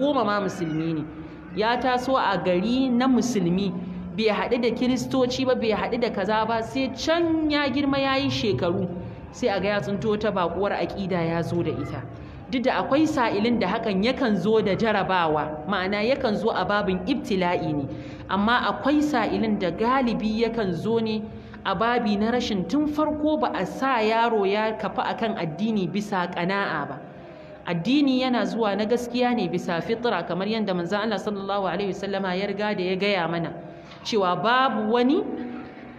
goma ma musulmi ne ya taso a gari na musulmi bai haɗu da kiristoci ba bai haɗu da kaza ba sai can ya girma ya yi shekaru sai a ga ya tsinto ta bakuwar aƙida ya zo da ita duk da akwai sa'ilin da hakan yakan zo da jarabawa ma'ana yakan zo a babin ibtila'i ne amma akwai sa'ilin da galibi yakan zo ne a babi na rashin tun farko ba a sa yaro ya kafa akan addini bisa ƙana'a ba addini yana zuwa na gaskiya ne bisa fitra kamar yadda manzon Allah sallallahu alaihi wasallama ya riga da ya gaya mana cewa babu wani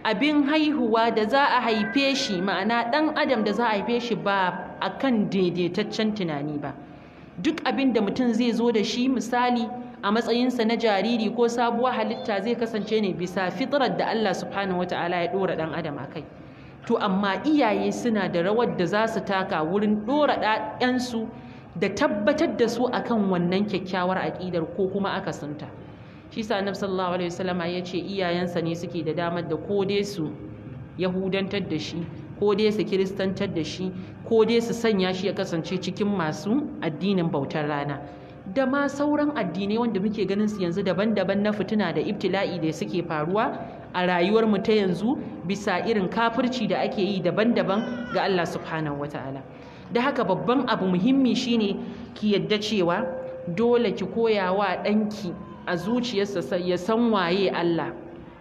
abin haihuwa da za a haife shi ma'ana ɗan adam da za a haife shi ba a kan daidaitaccen tunani ba duk abin da mutum zai zo da shi misali a matsayinsa na jariri ko sabuwar halitta zai kasance ne bisa fitrar da Allah subhanahu ta'ala ya ɗora ɗan adam a kai to amma iyaye suna da rawar da za su taka wurin ɗora ɗansu da tabbatar da su akan wannan kyakkyawar aƙidar ko kuma akasinta shi sa annabi sallallahu alaihi wasallama ya ce iyayensa ne suke da damar da ko dai su yahudantar da shi ko dai su kiristantar da shi ko dai su sanya shi ya kasance cikin masu addinin bautar rana da ma sauran addinai wanda muke ganin su yanzu daban-daban na fituna da ibtila'i da suke faruwa a rayuwar mu ta yanzu bisa irin kafirci da ake yi daban-daban ga Allah subhanahu wataala da haka babban abu muhimmi shine ki yadda cewa dole ki koya wa ɗanki a zuciyarsa ya san waye Allah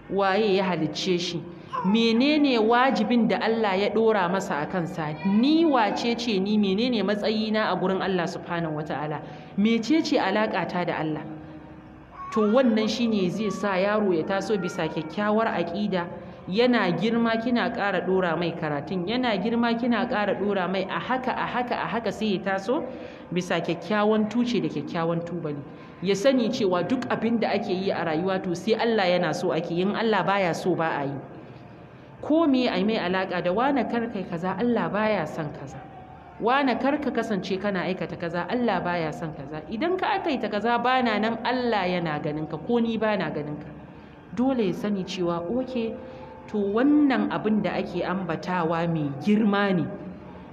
waye ya halicce shi menene wajibin da Allah ya ɗora masa a kansa ni wace ce ni menene matsayina a gurin Allah subhanahu wataala mecece alaƙata da Allah to wannan shine zai sa yaro ya taso bisa kyakkyawar aƙida yana girma kina ƙara ɗora mai karatun yana girma kina ƙara ɗora mai a haka a haka a haka sai ya taso bisa kyakkyawan tuce da kyakkyawan tubali ya sani cewa duk abin da ake yi a rayuwa to sai Allah yana so ake yin Allah baya so ba a yi ko me ai mai alaka da wane karkai kaza Allah baya son kaza wane karka kasance kana aikata kaza Allah baya son kaza idan ka akaita kaza bana nan Allah yana ganin ka ko ni bana ganin ka dole ya sani cewa oke to wannan abin da ake ambatawa mai girma ne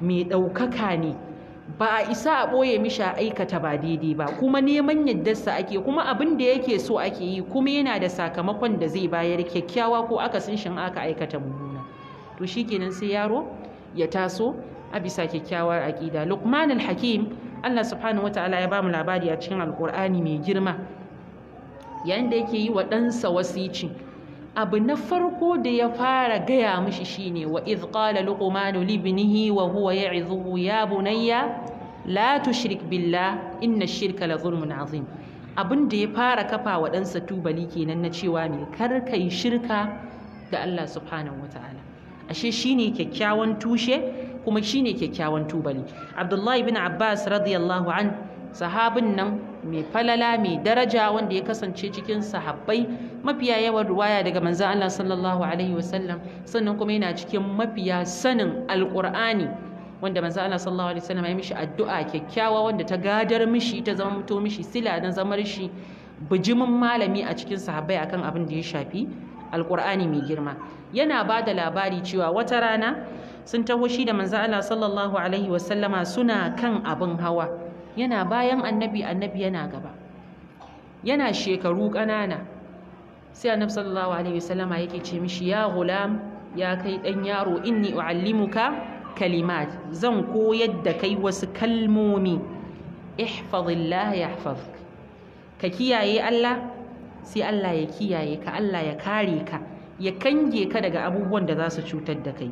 mai ɗaukaka ne ba a isa a ɓoye mishi a aikata ba daidai ba kuma neman yaddarsa ake kuma abin da yake so ake yi kuma yana da sakamakon da zai bayar kyakkyawa ko aka shin aka aikata mummuna to shikenan sai yaro ya taso a bisa kyakkyawar aƙida Luqman al-hakim allah subhanahu wataala ya bamu labari a cikin alƙur'ani mai girma yayin da yake yi wa ɗansa wasici abu na farko da ya fara gaya mishi shine wa idh qala luqmanu libnihi wa huwa ya'idhuhu ya bunayya la tushrik billah inna shirka la zulmun azim abin da ya fara kafa wa ɗansa tubali kenan na cewa mai kar kai shirka ga Allah subhanahu wataala ashe shine kyakkyawan tushe kuma shine kyakkyawan tubali Abdullahi bin Abbas radiyallahu an sahabin nan mai falala mai daraja wanda ya kasance cikin sahabbai mafiya yawan ruwaya daga manzan Allah sallallahu alaihi wasallam sannan kuma yana cikin mafiya sanin alkur'ani wanda manzan Allah sallallahu alaihi wasallam ya mishi addu'a kyakkyawa wanda ta gadar mishi ta zama muto mishi sila na zamar shi bijimin malami a cikin sahabbai akan abin da ya shafi alkur'ani mai girma yana ba da labari cewa wata rana sun taho shi da manzan Allah sallallahu alaihi wasallama suna kan abin hawa yana bayan annabi annabi yana gaba yana shekaru ƙanana sai annabi sallallahu alaihi wasallama yake ce mishi ya gulam ya kai dan yaro inni uallimuka kalimat zan koyar da kai wasu kalmomi ihfazillah yahfazuk ka kiyaye Allah sai Allah ya kiyaye ka Allah ya kare ka ya kange ka daga abubuwan da za su cutar da kai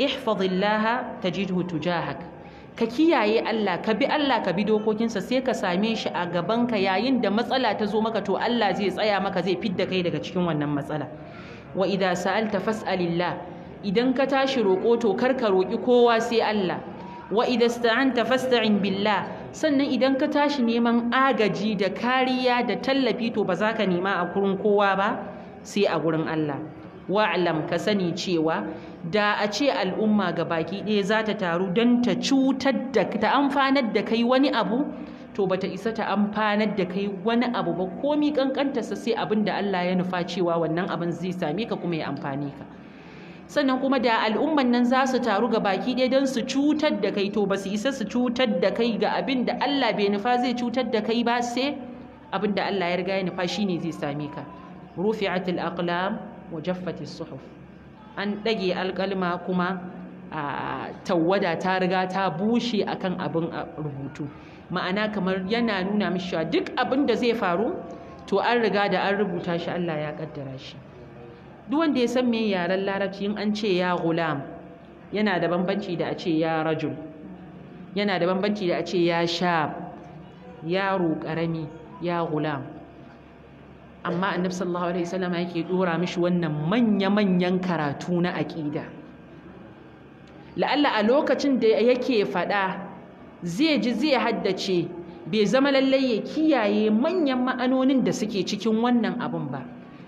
ihfazillaha tajidhu tujahaka ka kiyaye Allah ka bi Allah ka bi dokokinsa sai ka same shi a gabanka yayin da matsala ta zo maka to Allah zai tsaya maka zai fidda kai daga cikin wannan matsala wa idza sa'alta fas'alillah idan ka tashi roƙo to kar ka roƙi kowa sai Allah wa idza sta'anta fasta'in billah sannan idan ka tashi neman agaji da kariya da tallafi to ba za ka nema a gurin kowa ba sai a gurin Allah wa'alam ka sani cewa da a ce al'umma ga baki ɗaya za ta taru don ta cutar da ta amfanar da kai wani abu to ba ta isa ta amfanar da kai wani abu ba komi sa sai abin da Allah ya nufa cewa wannan abin zai same ka kuma ya amfane ka sannan kuma da al'umman nan za su taru ga baki ɗaya don su cutar da kai to ba su isa su cutar da kai ga abin da Allah bai nufa zai cutar da kai ba sai abin da Allah ya riga ya nufa shine zai same ka rufi'atul aqlam mujaffati suhuf an ɗage alƙalma kuma a tawwada ta riga ta bushe akan abin rubutu ma'ana kamar yana nuna mishi duk abin da zai faru to an riga da an rubuta shi Allah ya kaddara shi duk wanda ya san me yaren larabci in an ce ya gulam yana da bambanci da a ce ya rajul yana da bambanci da a ce ya sha yaro ƙarami, ya gulam amma annabi sallallahu alaihi wasallam yake ɗora mishi wannan manya-manyan karatu na aƙida la'alla a lokacin da yake faɗa zai ji zai haddace bai zama lallai ya kiyaye manyan ma'anonin da suke cikin wannan abun ba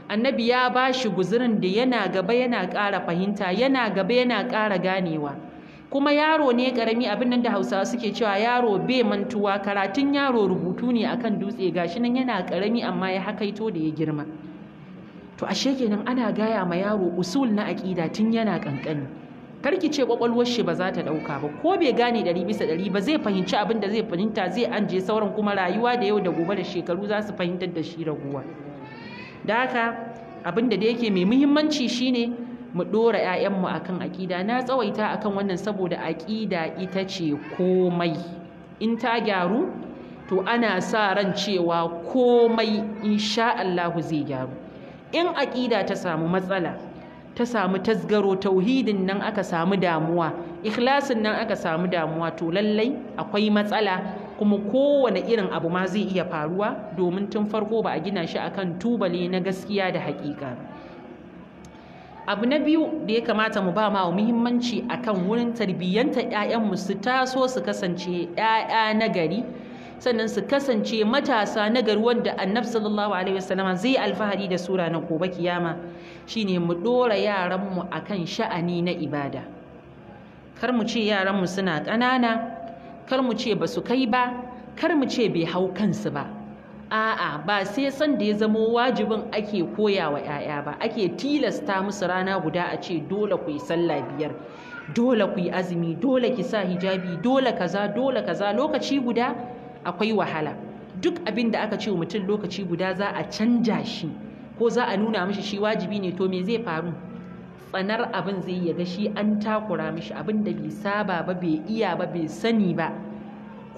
annabi ya bashi shi guzurin da yana gaba yana ƙara fahimta yana gaba yana ƙara ganewa kuma yaro ne karami abin nan da hausawa suke cewa yaro bai mantuwa karatun yaro rubutu ne akan dutse gashi nan yana karami amma ya hakaito da ya girma to ashe kenan ana gaya ma yaro usul na aƙida tun yana kankani karki ce kwakwalwar shi ba za ta ɗauka ba ko bai gane ɗari bisa ɗari ba zai fahimci abin da zai fahimta zai anje sauran kuma rayuwa da yau da gobe da shekaru za su fahimtar da shi raguwa da haka abin da yake mai muhimmanci shine mu dora 'ya'yanmu akan aƙida na tsawaita akan wannan saboda aƙida ita ce komai in ta gyaru to ana sa ran cewa komai insha Allahu zai gyaru in aƙida ta samu matsala ta samu tasgaro tauhidin nan aka samu damuwa ikhlasin nan aka samu damuwa to lallai akwai matsala kuma kowane irin abu ma zai iya faruwa domin tun farko ba a gina shi akan tubali na gaskiya da haƙiƙa abu na biyu da ya kamata mu ba ma muhimmanci akan wurin tarbiyyanta 'ya'yanmu su taso su kasance 'ya'ya na gari sannan su kasance matasa na gari wanda annabi sallallahu alaihi wasallama zai alfahari da sura na gobe kiyama shine mu dora yaranmu akan sha'ani na ibada kar mu ce yaranmu suna ƙanana kar mu ce ba su kai ba kar mu ce bai hau kansu ba a'a ba sai san da ya zamo wajibin ake koya wa 'ya'ya ba ake tilasta musu rana guda a ce dole ku yi sallah biyar dole ku yi azumi dole ki sa hijabi dole kaza dole kaza lokaci guda akwai wahala duk abin da aka ce wa mutum lokaci guda za a canja shi ko za a nuna mishi shi wajibi ne to me zai faru tsanar abin zai yaga shi an takura mishi abin da bai saba ba bai iya ba bai sani ba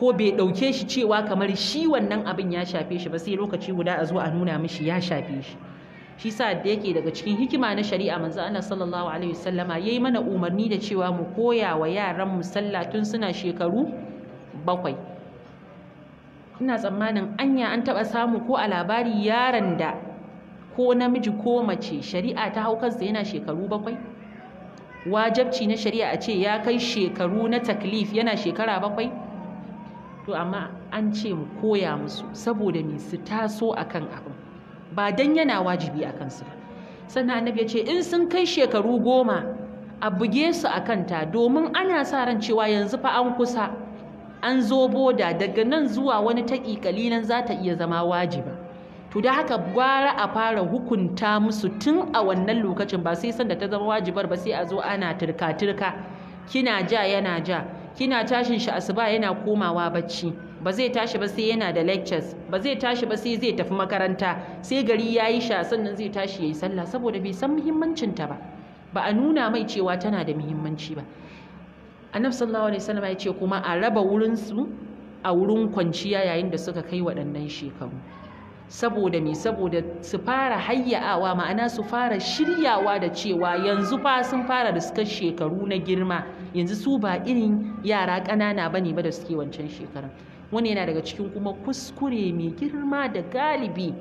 ko bai ɗauke shi cewa kamar shi wannan abin ya shafe shi ba sai lokaci guda a zo a nuna mishi ya shafe shi shi sa da yake daga cikin hikima na shari'a manzo Allah sallallahu alaihi wasallama yayi mana umarni da cewa mu koya wa yaran mu sallah tun suna shekaru bakwai ina tsammanin anya an taɓa samu ko a labari yaran da ko namiji ko mace shari'a ta haukar sa yana shekaru bakwai wajabci na shari'a a ce ya kai shekaru na taklif yana shekara bakwai to amma an ce mu koya musu saboda mi su taso akan abin ba dan yana wajibi a kansu ba sannan annabi ya ce in sun kai shekaru goma a buge su a kanta domin ana sa ran cewa yanzu fa an kusa an zo boda daga nan zuwa wani taƙi kalilan za ta iya zama wajiba to da haka gwara a fara hukunta musu tun a wannan lokacin ba sai sanda ta zama wajibar ba sai a zo ana turka-turka kina ja yana ja kina tashin shi asuba yana komawa bacci ba zai tashi ba sai yana da lectures ba zai tashi ba sai zai tafi makaranta sai gari ya yi sha sannan zai tashi ya yi sallah saboda bai san muhimmancin ta ba ba a nuna mai cewa tana da muhimmanci ba annabi sallallahu alaihi wasallam ya ce kuma a raba wurin su a wurin kwanciya yayin da suka kai waɗannan shekaru saboda me saboda su fara hayya'awa ma'ana su fara shiryawa da cewa yanzu fa sun fara da suka shekaru na girma yanzu su ba irin yara ƙanana ba ne ba da suke wancan shekarun wani yana daga cikin kuma kuskure mai girma da galibi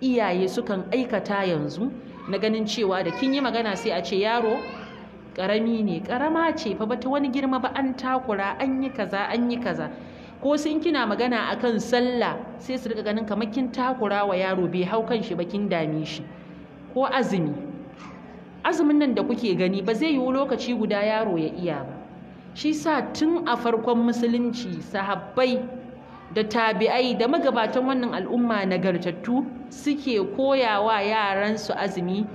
iyaye sukan aikata yanzu na ganin cewa da kin yi magana sai a ce yaro ƙarami ne ƙarama ce fa bata wani girma ba an takura an yi kaza an yi kaza ko sun kina magana akan sallah sai su rika ganin kamar kin takura wa yaro bai hau kan shi ba kin dame shi ko azumi azumin nan da kuke gani ba zai yiwu lokaci guda yaro ya iya ba shi sa tun a farkon musulunci sahabbai da tabi'ai da magabatan wannan al'umma nagartattu suke koyawa yaransu azumi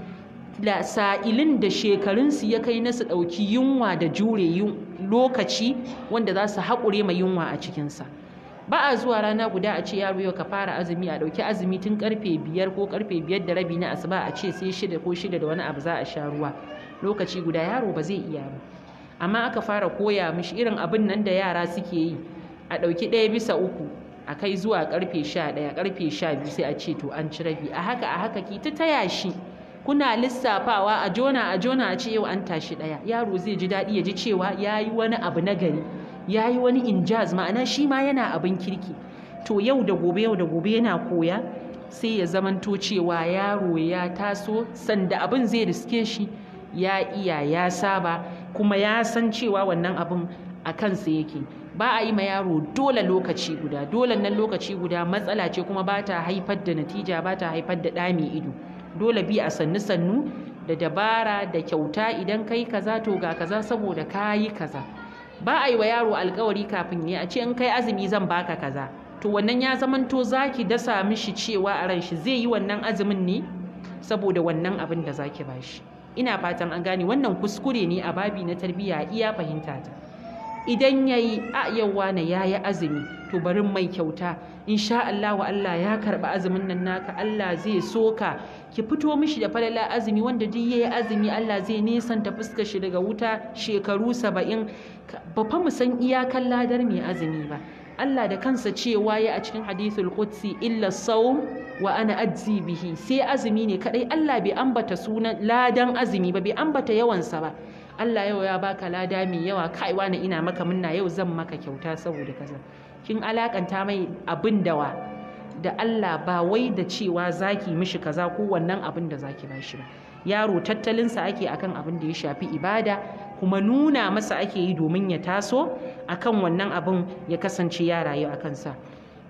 sa'ilin da shekarunsu ya kai nasu su ɗauki yunwa da jure lokaci wanda za su haƙure ma yunwa a cikinsa ba a zuwa rana guda a ce yaro yau ka fara azumi a ɗauki azumi tun karfe biyar ko karfe biyar da rabi na asuba a ce sai shida ko shida da wani abu za a sha ruwa lokaci guda yaro ba zai iya ba amma aka fara koya mishi irin abin nan da yara suke yi a ɗauki ɗaya bisa uku a kai zuwa karfe sha ɗaya karfe sha biyu sai a ce to an ci rabi a haka a haka ki ta taya shi kuna lissafawa a jona a jona a ce yau an tashi ɗaya yaro zai ji daɗi ya ji cewa ya yi wani abu na gari ya yi wani injaz ma'ana shi ma yana abin kirki to yau da gobe yau da gobe yana koya sai ya zamanto cewa yaro ya taso sanda abin zai riske shi ya iya ya saba kuma ya san cewa wannan abin a kansa yake ba a yi ma yaro dole lokaci guda dole nan lokaci guda matsala ce kuma ba ta haifar da natija ba ta haifar da ɗa mai ido dole bi a sannu sannu da dabara da kyauta idan kai kaza to ga kaza saboda kayi kaza ba a yi wa yaro alkawari kafin ya a ce in kai azumi zan baka kaza to wannan ya zamanto zaki dasa mishi cewa a ran shi zai yi wannan azumin ne saboda wannan abin da zaki bashi ina fatan an gane wannan kuskure ne a babi na tarbiyya iya fahimta ta idan yayi a yawa na yayi azumi to barin mai kyauta insha Allah wa Allah ya karba azumin nan naka Allah zai soka ki fito mishi da falala azumi wanda duk yayi azumi Allah zai nisanta fuskar shi daga wuta shekaru 70 ba fa mu san iyakan ladar mai azumi ba Allah da kansa cewa ya a cikin hadithul qudsi illa sawm wa ana ajzi bihi sai azumi ne kadai Allah bai ambata sunan ladan azumi ba bai ambata yawansa ba Allah yau ya baka lada mai yawa kai wani ina maka munna yau zan maka kyauta saboda kaza kin alakanta mai abin dawa da Allah ba wai da cewa zaki mishi kaza ko wannan abin da zaki bashi ba yaro tattalinsa ake akan abin da ya shafi ibada kuma nuna masa ake yi domin ya taso akan wannan abin ya kasance ya rayu a kansa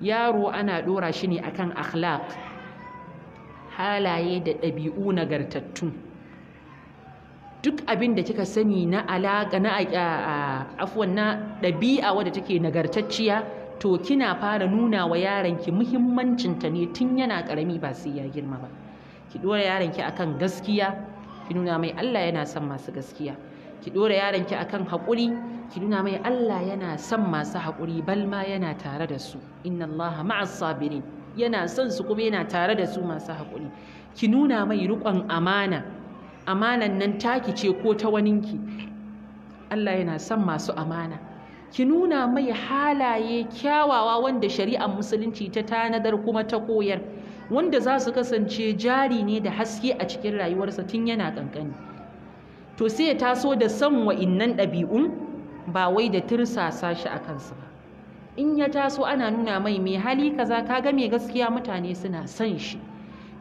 yaro ana ɗora shi ne akan akhlaq halaye da ɗabi'u nagartattu duk abin da kika sani na alaƙa na afwan na ɗabi'a wadda take nagartacciya to kina fara nuna wa yaron ki muhimmancin ta ne tun yana karami ba sai ya girma ba ki ɗora ki akan gaskiya ki nuna mai Allah yana son masu gaskiya ki ɗora ki akan hakuri ki nuna mai Allah yana son masu hakuri Balma yana tare da su inna Allah ma'as sabirin yana son su kuma yana tare da su masu hakuri ki nuna mai riƙon amana amanan nan taki ce ko ta waninki Allah yana son masu amana ki nuna mai halaye kyawawa wanda shari'ar musulunci ta tanadar kuma ta koyar wanda za su kasance jari ne da haske a cikin rayuwarsa tun yana kankani to sai ya taso da san wa'innan ɗabi'un ba wai da tirsasa shi a kansu ba in ya taso ana nuna mai mai hali kaza kaga mai gaskiya mutane suna san shi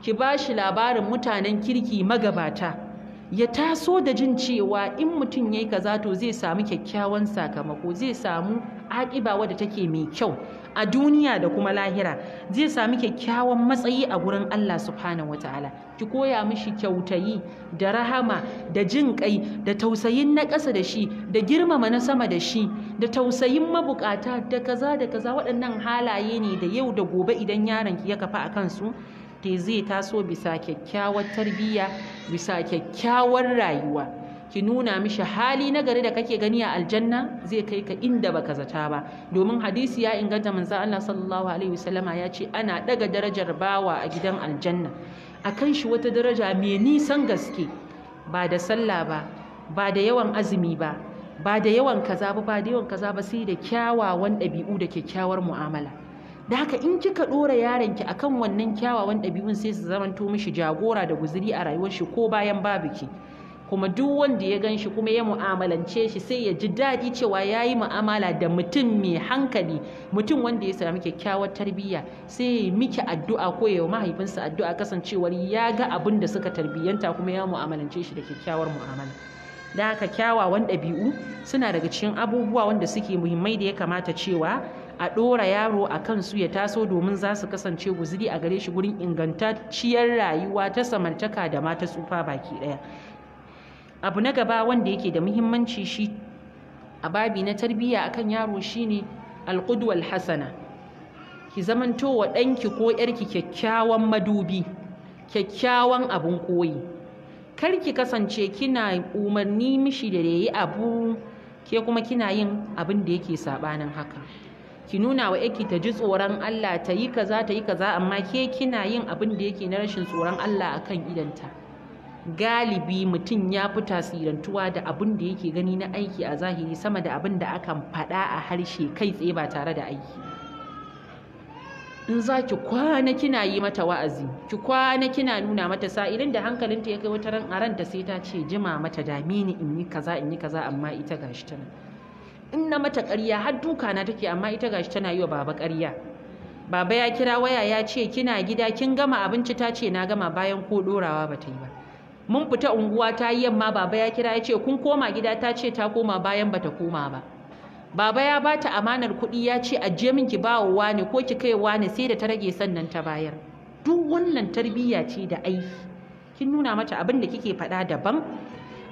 ki ba shi labarin mutanen kirki magabata ya taso da jin cewa in mutum ya yi kaza to zai samu kyakkyawan sakamako zai samu aƙiba wadda take mai kyau a duniya da kuma lahira zai samu kyakkyawan matsayi a gurin Allah subhanahu wataala ki koya mishi kyautayi da rahama da jin kai da tausayin na ƙasa da shi da girmama na sama da shi da tausayin mabukata da kaza da kaza waɗannan halaye ne da yau da gobe idan yaron ki ya kafa a kansu ke zai taso bisa kyakkyawar tarbiyya bisa kyakkyawar rayuwa ki nuna mishi hali na gari da kake gani a aljanna zai kai ka inda baka zata ba domin hadisi ya inganta manzo Allah sallallahu alaihi wasallama ya ce ana daga darajar bawa a gidan aljanna akan shi wata daraja mai nisan gaske ba da sallah ba ba da yawan azumi ba ba da yawan kaza ba ba da yawan kaza ba sai da kyawawan ɗabi'u da kyakkyawar mu'amala da haka in kika ɗora yaronki akan wannan kyawawan ɗabi'un sai su zamanto mishi jagora da guziri a rayuwar shi ko bayan babu ki kuma duk wanda ya gan shi kuma ya mu'amalance shi sai ya ji daɗi cewa ya yi mu'amala da mutum mai hankali mutum wanda ya sami kyakkyawar tarbiyya sai ya yi miki addu'a ko ya yi mahaifinsa addu'a kasancewar ya ga abin da suka tarbiyyanta kuma ya mu'amalance shi da kyakkyawar mu'amala da haka kyawawan ɗabi'u suna daga cikin abubuwa wanda suke muhimmai da ya kamata cewa a ɗora yaro a kansu su ya taso domin za su kasance guziri a gare shi gurin ingantacciyar rayuwa ta samartaka da ma ta tsufa baki ɗaya abu na gaba wanda yake da muhimmanci shi a babi na tarbiyya akan yaro shine alƙudwal hasana ki zamanto wa ɗanki ko ‘yarki kyakkyawan madubi kyakkyawan abin koyi kar ki kasance kina umarni mishi da yayi abu ke kuma kina yin abin da yake saɓanin haka ki nuna wa yake ta ji tsoron Allah ta yi kaza ta yi kaza amma ke kina yin abin da yake na rashin tsoron Allah a kan idanta galibi mutum ya fi tasirantuwa da abin da yake gani na aiki a zahiri sama da abin da akan faɗa a harshe kai tsaye ba tare da aiki in za ki kwana kina yi mata wa'azi ki kwana kina nuna mata sa'irin da hankalinta ya kai wata ran a sai ta ce jima mata dami ni in yi kaza in yi kaza amma ita gashi tana in na mata ƙarya har duka na take amma ita gashi tana yi wa baba ƙarya baba ya kira waya ya ce kina gida kin gama abinci ta ce na gama bayan ko ɗorawa ba ta yi ba mun fita unguwa ta yi yamma baba ya kira ya ce kun koma gida ta ce ta koma bayan ba ta koma ba baba ya ba ta amanar kuɗi ya ce ajiye min ki bawa wani ko ki kai wani sai da ta rage sannan ta bayar duk wannan tarbiyya ce da aiki kin nuna mata abin da kike faɗa daban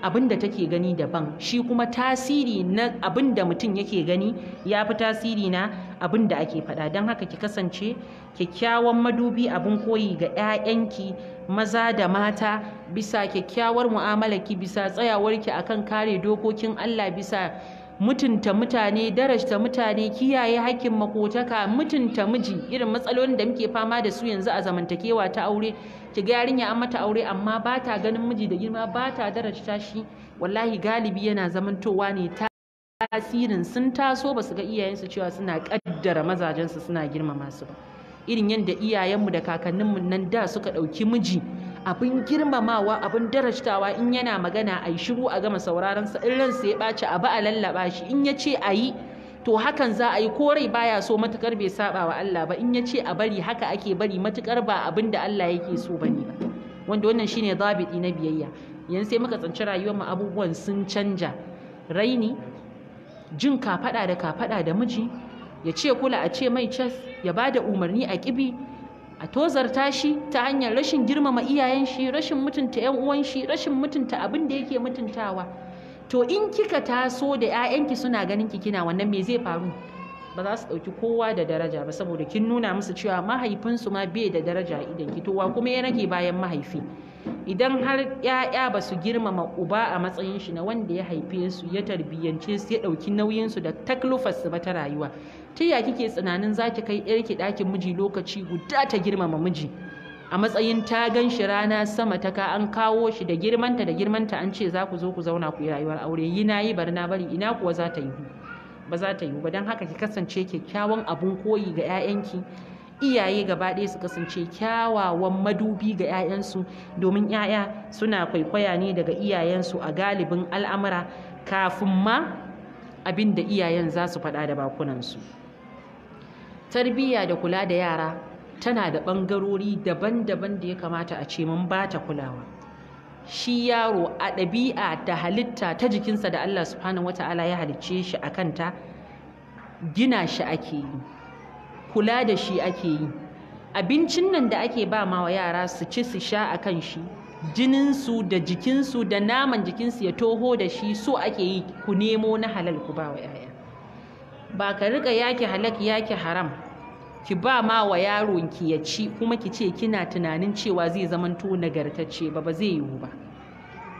abin da take gani daban shi kuma tasiri na abin da mutum yake gani ya fi tasiri na abin da ake faɗa don haka ki kasance kyakkyawan madubi abin koyi ga 'ya'yanki maza da mata bisa kyakkyawar mu'amalarki bisa tsayawarki akan kare dokokin Allah bisa mutunta mutane darajta mutane kiyaye hakkin makotaka mutunta miji irin matsalolin da muke fama da su yanzu a zamantakewa ta aure ki ga yarinya an mata aure amma ba ta ganin miji da girma ba ta darajta shi wallahi galibi yana zamantowa ne ta tasirin sun taso ba su ga iyayensu cewa suna kaddara mazajensu suna girmama su ba irin yadda iyayenmu da kakanninmu nan da suka ɗauki miji abin girmamawa abin darajtawa in yana magana a yi shiru a gama sauraron sa in ransa ya ɓaci a ba a lallaba shi in ya ce a yi to hakan za a yi ko rai baya so matukar bai saba wa Allah ba in ya ce a bari haka ake bari matukar ba abin da Allah yake so bane ba wanda wannan shine zabiɗi na biyayya yanzu sai muka tsanci rayuwar mu abubuwan sun canja raini jin kafaɗa da kafaɗa da miji ya ce kula a ce mai chess ya bada umarni a kibi a tozarta shi ta hanyar rashin girmama iyayen shi rashin mutunta yan uwan shi rashin mutunta abin da yake mutuntawa to in kika taso da 'ya'yanki suna ganin ki kina wannan me zai faru ba za su ɗauki kowa da daraja ba saboda kin nuna musu cewa mahaifinsu ma bai da daraja idan ki to wa kuma ya rage bayan mahaifi idan har ‘ya'ya ba su girmama uba a matsayin shi na wanda ya haife su ya tarbiyyance su ya ɗauki nauyin su da taklufas ba ta rayuwa ta ya kike tsinanin za ki kai ‘yarki ɗakin miji lokaci guda ta girmama miji a matsayin ta gan shi rana sama ta ka an kawo shi da girmanta da girmanta an ce za ku zo ku zauna ku yi rayuwar aure yi na yi bari na bari ina kuwa za ta yi ba za ta yi ba don haka ki kasance kyakkyawan abun koyi ga 'ya'yanki iyaye gaba ɗaya su kasance kyawawan madubi ga 'ya'yansu domin 'ya'ya suna kwaikwaya ne daga iyayensu a galibin al'amura kafin ma abin da iyayen za su faɗa da bakunansu tarbiyya da kula da yara tana da ɓangarori daban-daban da ya kamata a ce mun ba ta kulawa shi yaro a ɗabi'a da halitta ta jikinsa da Allah subhanahu wata'ala ya halicce shi a kanta gina shi ake yi kula da shi ake yi abincin nan da ake ba ma yara su ci su sha a kan shi jininsu da jikinsu da naman jikinsu ya toho da shi so ake yi ku nemo na halal ku ba wa yaya ba ka riƙa yaki halak yaki haram ki ba ma wa ki ya ci kuma ki ce kina tunanin cewa zai zamanto nagartacce ba ba zai yiwu ba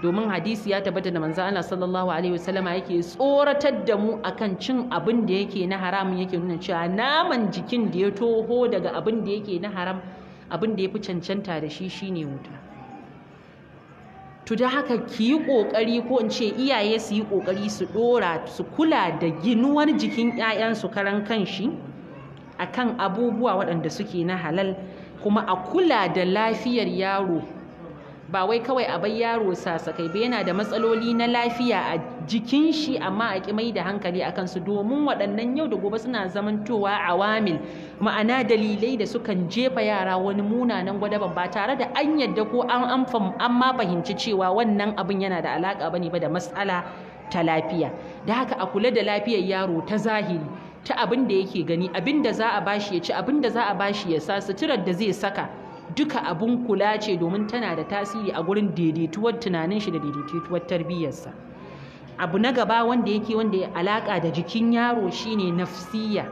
domin hadisi ya tabbata da manzo Allah sallallahu alaihi wasallama yake tsoratar da mu akan cin abin da yake na haram yake nuna cewa naman jikin da ya toho daga abin da yake na haram abin da ya fi cancanta da shi shine wuta to da haka ki yi ƙoƙari ko in ce iyaye su yi ƙoƙari su ɗora su kula da ginuwar jikin 'ya'yansu karan kanshi akan abubuwa waɗanda suke na halal kuma a kula da lafiyar yaro ba wai kawai a bai yaro sasakai ba yana da matsaloli na lafiya a jikin shi amma a mai da hankali a kansu domin waɗannan yau da gobe suna zamantowa a wamil, ma'ana dalilai da sukan jefa yara wani munanan gwadaban ba tare da an yadda ko an an fahimci cewa wannan abin yana da alaƙa ba ne ba da matsala ta lafiya da haka a kula da lafiyar yaro ta zahiri ta abin da yake gani abin da za a bashi ya ci abin da za a bashi ya sa suturar da zai saka duka abun kula ce domin tana da tasiri a gurin daidaituwar tunanin shi da daidaituwar tarbiyyarsa abu na gaba wanda yake wanda ya alaka da jikin yaro shine nafsiya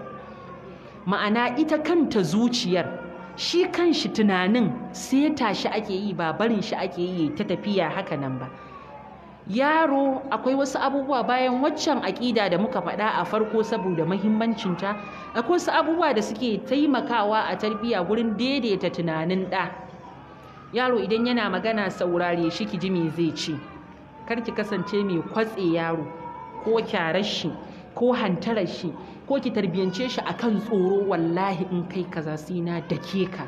ma'ana ita kanta zuciyar shi kan shi tunanin sai shi ake yi ba barin shi ake yi ta tafiya haka nan ba yaro akwai wasu abubuwa bayan waccan aƙida da muka faɗa a farko saboda mahimmancinta akwai wasu abubuwa da suke taimakawa a tarbiyya gurin daidaita tunanin ɗa yaro idan yana magana saurare shi ki ji me zai ce kar ki kasance mai kwatse yaro ko kyarar shi ko hantarar shi ko ki tarbiyance shi akan tsoro wallahi in kai kaza sina da ke ka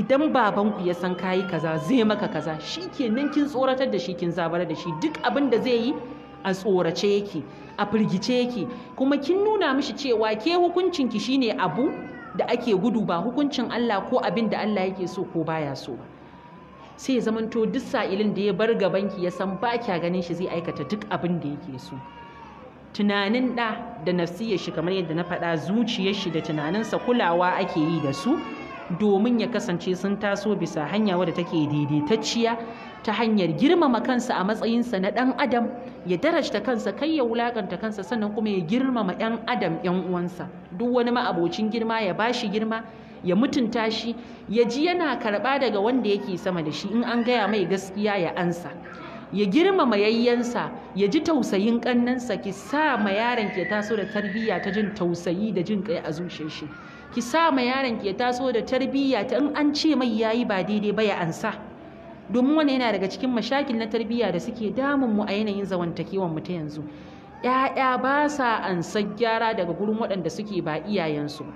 idan babanku ya san kayi kaza zai maka kaza Shi shikenan kin tsoratar da shi kin zabar da shi duk abin da zai yi a tsorace yake a firgice yake kuma kin nuna mishi cewa ke hukuncin ki shine abu da ake gudu ba hukuncin Allah ko abin da Allah yake so ko baya so ba sai zamanto duk sa'ilin da ya bar gaban ki ya san ba kya ganin shi zai aikata duk abin da yake so tunanin ɗa da nafsiyar shi kamar yadda na faɗa zuciyar shi da tunaninsa kulawa ake yi da su domin ya kasance sun taso bisa hanya wadda take daidaitacciya ta hanyar girmama kansa a matsayinsa na ɗan adam ya darashta kansa kai ya wulakanta kansa sannan kuma ya girmama ɗan adam 'yan uwansa duk wani ma'abocin girma ya ba shi girma ya mutunta shi ya ji yana karɓa daga wanda yake sama da shi in an gaya mai gaskiya ya ansa ya girmama yayyansa ya ji tausayin ƙannansa ki sa ma yaron ke taso da tarbiyya ta jin tausayi da jin kai a zuciyar ki sa ma yaron ke taso da tarbiyya ta in an ce mai yayi ba daidai ba ya ansa domin wannan yana daga cikin mashakin na tarbiyya da suke damun mu a yanayin zamantakewan mu ta yanzu ‘ya'ya ba sa ansa gyara daga gurin waɗanda suke ba iyayensu ba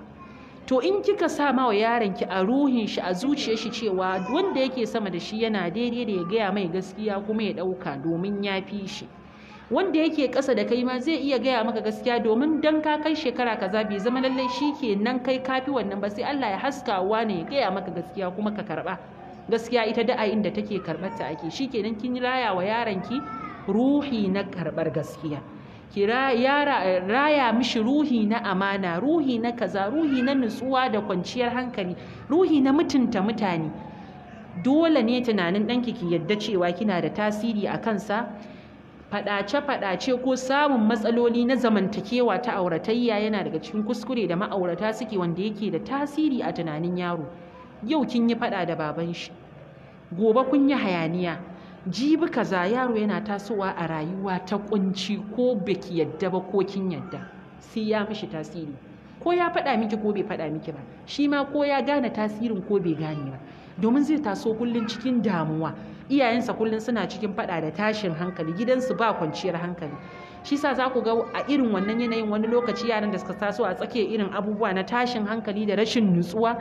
to in kika sa ma wa yaron ki a ruhin shi a zuciyar shi cewa wanda yake sama da shi yana daidai da ya gaya mai gaskiya kuma ya ɗauka domin ya fi shi wanda yake ƙasa da kai ma zai iya gaya maka gaskiya domin dan ka kai shekara kaza bai zama lallai shi ke nan kai kafi wannan ba sai Allah ya haska wa ne ya gaya maka gaskiya kuma ka karba gaskiya ita da da'a inda take karɓar ta ake shi kenan kin raya wa yaron ki ruhi na karɓar gaskiya raya mishi ruhi na amana ruhi na kaza ruhi na nutsuwa da kwanciyar hankali ruhi na mutunta mutane dole ne tunanin ɗanki ki yadda cewa kina da tasiri a kansa faɗace-faɗace ko samun matsaloli na zamantakewa ta auratayya yana daga cikin kuskure da ma'aurata suke wanda yake da tasiri a tunanin yaro yau kin yi faɗa da baban shi gobe kun yi hayaniya jibi kaza yaro yana tasowa a rayuwa ta kunci ko baki yadda ba ko kin yadda sai ya mishi tasiri ko ya faɗa miki ko bai faɗa miki ba shi ma ko ya gane tasirin ko bai gane ba domin zai taso kullum cikin damuwa iyayensa kullum suna cikin faɗa da tashin hankali gidansu ba kwanciyar hankali shi sa za ku ga a irin wannan yanayin wani lokaci yaran da suka taso a tsakiyar irin abubuwa na tashin hankali da rashin nutsuwa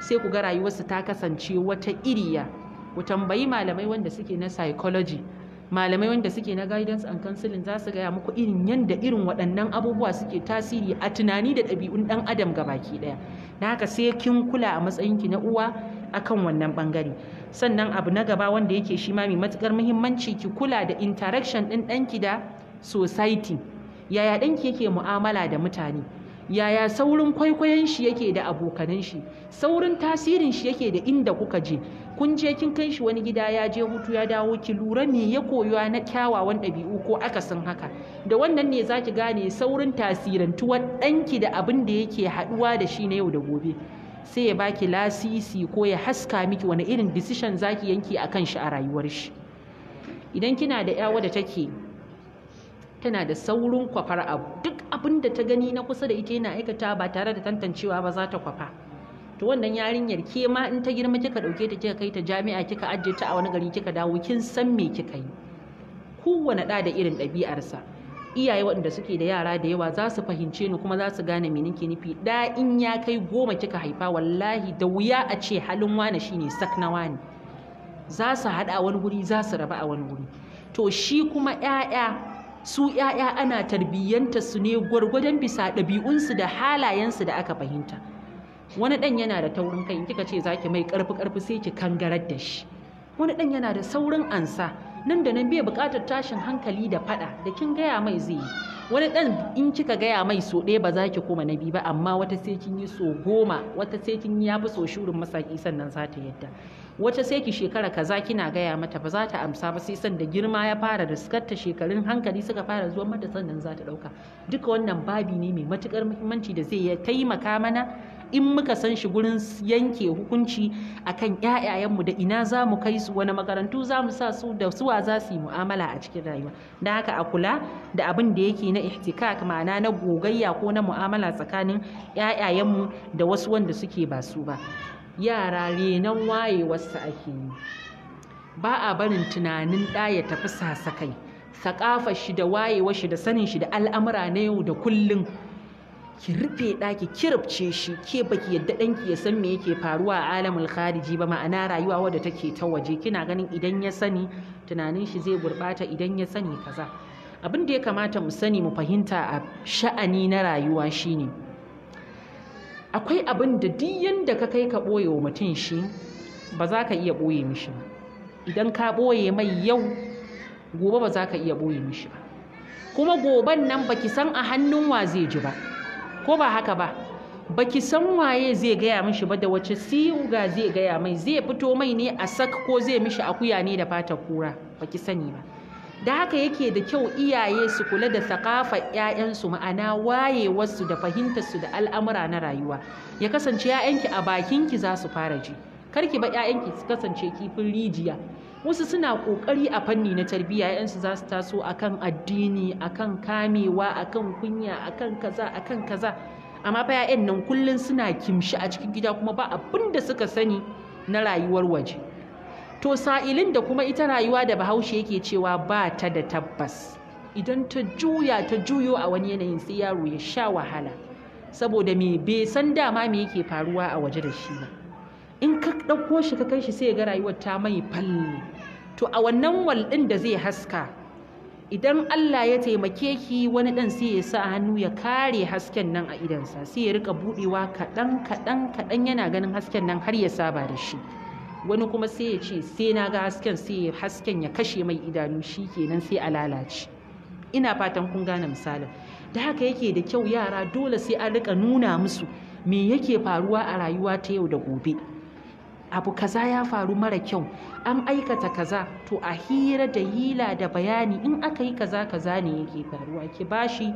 sai ku ga rayuwarsu ta kasance wata iriya ku tambayi malamai wanda suke na psychology malamai wanda suke na guidance and counseling za su gaya muku irin yadda irin waɗannan abubuwa suke tasiri a tunani da ɗabi'un ɗan adam baki ɗaya na haka sai kin kula a matsayinki na uwa akan wannan ɓangare sannan abu na gaba wanda yake shi ma mai matuƙar muhimmanci ki kula da interaction ɗin ɗanki da society yaya ɗanki yake mu'amala da mutane yaya saurin kwaikwayon shi yake da abokanan shi saurin tasirin shi yake da inda kuka je kun je kin kai shi wani gida ya je hutu ya dawo ki lura me ya koyuwa na kyawawan ɗabi'u ko aka akasin haka da wannan ne za ki gane saurin tasirantuwar ɗanki da abin da yake haɗuwa da shi na yau da gobe sai ya baki lasisi ko ya haska miki wani irin decision za ki yanki a kan shi a rayuwar shi idan kina da yawa da take tana da saurin kwafar abu duk abin da ta gani na kusa da ita yana aikata ba tare da tantancewa ba za ta kwafa to wannan yarinyar ke ma in ta girma kika dauke ta kika kai ta jami'a kika ajiye ta a wani gari kika dawo kin san me kika yi kowane da da irin ɗabi'arsa iyaye waɗanda suke da yara da yawa za su fahimce ni kuma za su gane me nake nufi da in ya kai goma kika haifa wallahi da wuya a ce halin wani shine sak na wani. za su haɗa wani guri za su raba a wani guri to shi kuma 'ya'ya su 'ya'ya ana tarbiyyanta su ne gwargwadon bisa ɗabi'unsu da halayensu da aka fahimta wani ɗan yana da taurin kai kika ce zaki mai karfi karfi sai ki kangarar da shi wani ɗan yana da saurin ansa nan da nan bai buƙatar tashin hankali da faɗa, da kin gaya mai zai yi wani ɗan in kika gaya mai so ɗaya ba za ki koma na biyu ba amma wata sai kin yi so goma wata sai kin yi yafi so shurin masaki sannan za ta yadda wata sai ki shekara kaza kina gaya mata ba za ta amsa ba sai sanda girma ya fara da sukatta shekarun hankali suka fara zuwa mata sannan za ta ɗauka duka wannan babi ne mai matuƙar muhimmanci da zai taimaka mana in muka san shi gurin yanke hukunci a kan mu da ina za mu kai su wani makarantu za mu sa su da suwa za su yi mu'amala a cikin rayuwa Na haka a kula da abin da yake na ihtikak ma'ana na gogayya ko na mu'amala tsakanin mu da wasu wanda suke ba su ba yara renon wayewarsu ake yi ba a barin tunanin ɗa ya tafi sasakai saƙafa shi da wayewar shi da sanin shi da al'amura na yau da kullum ki rufe ɗaki ki rufce shi ke baki yadda ɗanki ya san me yake faruwa a alamul khariji ba ma'ana rayuwa wadda take ta waje kina ganin idan ya sani tunanin shi zai gurɓata idan ya sani kaza abin da ya kamata mu sani mu fahimta a sha'ani na rayuwa shine akwai abin da duk yanda ka kai ka ɓoye wa mutum shi ba za ka iya ɓoye mishi ba idan ka ɓoye mai yau gobe ba za ka iya ɓoye mishi ba kuma goben nan baki san a hannun wa zai ji ba ko ba haka ba ba ki san waye zai gaya mishi ba da wace uga zai gaya mai zai fito mai ne a sak ko zai mishi akuya ne da fata kura ba ki sani ba da haka yake da kyau iyaye su kula da sakafar 'ya'yansu ma'ana wayewarsu da fahimtarsu da al'amura na rayuwa ya kasance 'ya'yanki a bakinki za su fara ji karki ba 'ya'yanki su kasance kifin rijiya wasu suna ƙoƙari a fanni na tarbiyya 'yansu za su taso akan addini akan kamewa akan kunya akan kaza akan kaza amma fa ‘ya'yan nan kullum suna kimshi a cikin gida kuma ba abin da suka sani na rayuwar waje to sa'ilin da kuma ita rayuwa da bahaushe yake cewa ba ta da tabbas idan ta juya ta juyo a wani yanayin sai yaro ya sha wahala saboda me bai san dama me yake faruwa a waje da shi ba in ka ɗauko shi ka kai shi sai ga rayuwar ta mai fal to a wannan wal ɗin da zai haska idan Allah ya taimake ki wani ɗan sai ya sa hannu ya kare hasken nan a idansa sai ya rika buɗewa kaɗan kaɗan kaɗan yana ganin hasken nan har ya saba da shi wani kuma sai ya ce sai na ga hasken sai hasken ya kashe mai idanu shi kenan sai a lalace ina fatan kun gane misalin da haka yake da kyau yara dole sai an rika nuna musu me yake faruwa a rayuwa ta yau da gobe abu kaza ya faru mara kyau an aikata kaza to a hira da hila da bayani in aka yi kaza kaza ne yake faruwa ki bashi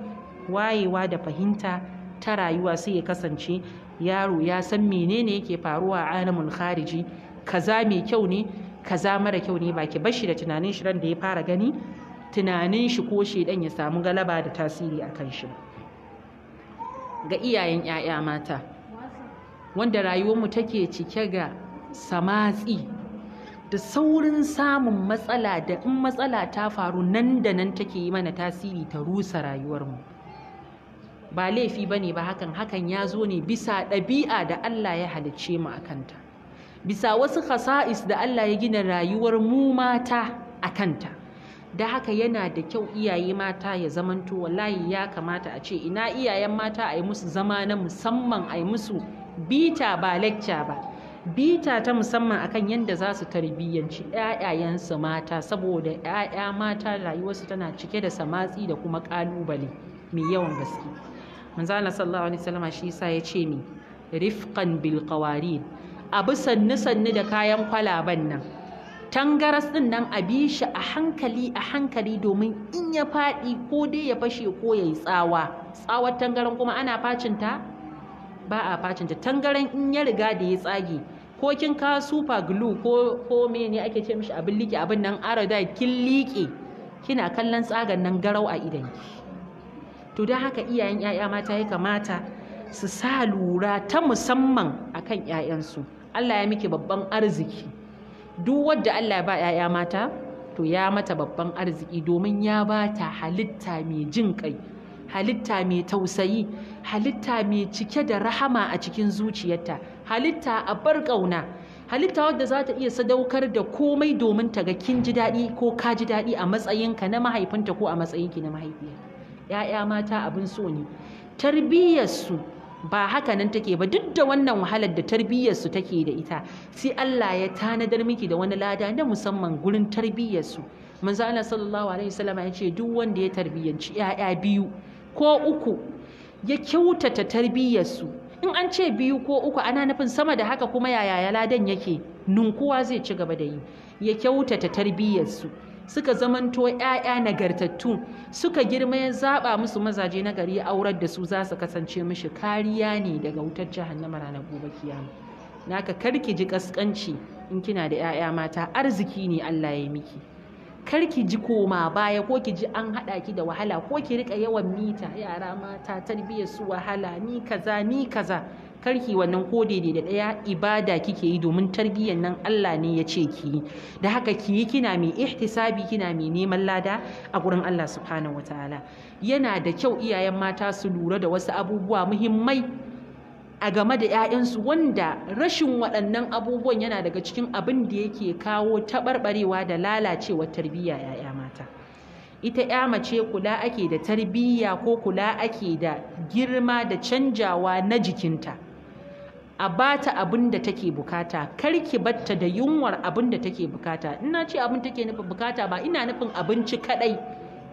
wayewa da fahimta ta rayuwa sai ya kasance yaro ya san menene yake faruwa a alamul khariji kaza mai kyau ne kaza mara kyau ne ba ki bashi da tunanin shi ran da ya fara gani tunanin shi ko shedan ya samu galaba da tasiri a kan shi ga iyayen 'ya'ya mata wanda rayuwarmu take cike ga samatsi da saurin samun matsala da in matsala ta faru nan da nan take yi mana tasiri ta rusa rayuwarmu ba laifi ba ne ba hakan hakan ya zo ne bisa ɗabi'a da Allah ya halicce mu a kanta bisa wasu khasa'is da Allah ya gina rayuwar mu mata a kanta da haka yana da kyau iyaye mata ya zamanto wallahi ya kamata a ce ina iyayen mata a yi musu zama na musamman a yi musu bita ba lecture ba bita ta musamman akan yadda za su tarbiyyanci 'ya'yayensu mata saboda 'ya'ya mata rayuwarsu tana cike da samatsi da kuma ƙalubale mai yawan gaske manzana sallallahu alaihi wasallama shi yasa ya ce ni, rifqan bil qawarid abu sannu sannu da kayan kwalaban nan tangaras din nan a bi shi a hankali a hankali domin in ya faɗi ko dai ya fashe ko ya yi tsawa tsawar tangaran kuma ana facinta ba a facinta tangaran in ya riga da ya tsage ko kin ka super glue ko ko mene ake ce mishi abin liƙe abin nan arada kin liƙe kina kallon tsagan nan garau a idan ki. to don haka iyayen 'ya'ya mata ya kamata su sa lura ta musamman akan 'ya'yansu Allah ya miki babban arziki duk wadda Allah ya ba 'ya'ya mata to ya mata babban arziki domin ya ba ta halitta mai jin kai halitta mai tausayi halitta mai cike da rahama a cikin zuciyarta halitta a bar ƙauna halitta wadda za ta iya sadaukar da komai domin ta ga kin ji daɗi ko ka ji daɗi a matsayinka na mahaifinta ko a matsayinki na mahaifiya ‘ya'ya mata abin so ne tarbiyyarsu ba haka nan take ba duk da wannan wahalar da tarbiyyarsu take da ita sai Allah ya tanadar miki da wani lada na musamman gurin tarbiyyarsu manzo Allah sallallahu alaihi wasallam ya ce duk wanda ya tarbiyanci ‘ya'ya biyu ko uku ya kyautata tarbiyyarsu in an ce biyu ko uku ana nufin sama da haka kuma yaya ya ladan yake ninkuwa zai ci gaba da yi ya kyautata tarbiyyarsu suka zamanto 'ya'ya nagartattu suka girma ya zaɓa musu mazaje na gari aurar da su za su kasance mishi kariya ne daga wutar jahannama ranar gobe kiyama naka karki ji kaskanci in kina da 'ya'ya mata arziki ne Allah ya miki kar ki ji koma baya ko ki ji an haɗa ki da wahala ko ki rika yawan mita yara mata tarbiyyar su wahala ni kaza ni kaza kar ki wannan ko daidai da ɗaya ibada kike yi domin tarbiyyar nan Allah ne ya ce ki yi da haka ki yi kina mai ihtisabi kina mai neman lada a gurin Allah subhanahu wataala yana da kyau iyayen mata su lura da wasu abubuwa muhimmai a game da 'ya'yansu wanda rashin waɗannan abubuwan yana daga cikin abin da yake kawo taɓarɓarewa da lalacewar tarbiyya 'ya'ya mata ita 'ya mace kula ake da tarbiyya ko kula ake da girma da canjawa na jikinta a bata abin da take bukata karki ki batta da yunwar abin da take bukata ina ce abin take nufin bukata ba ina nufin abinci kadai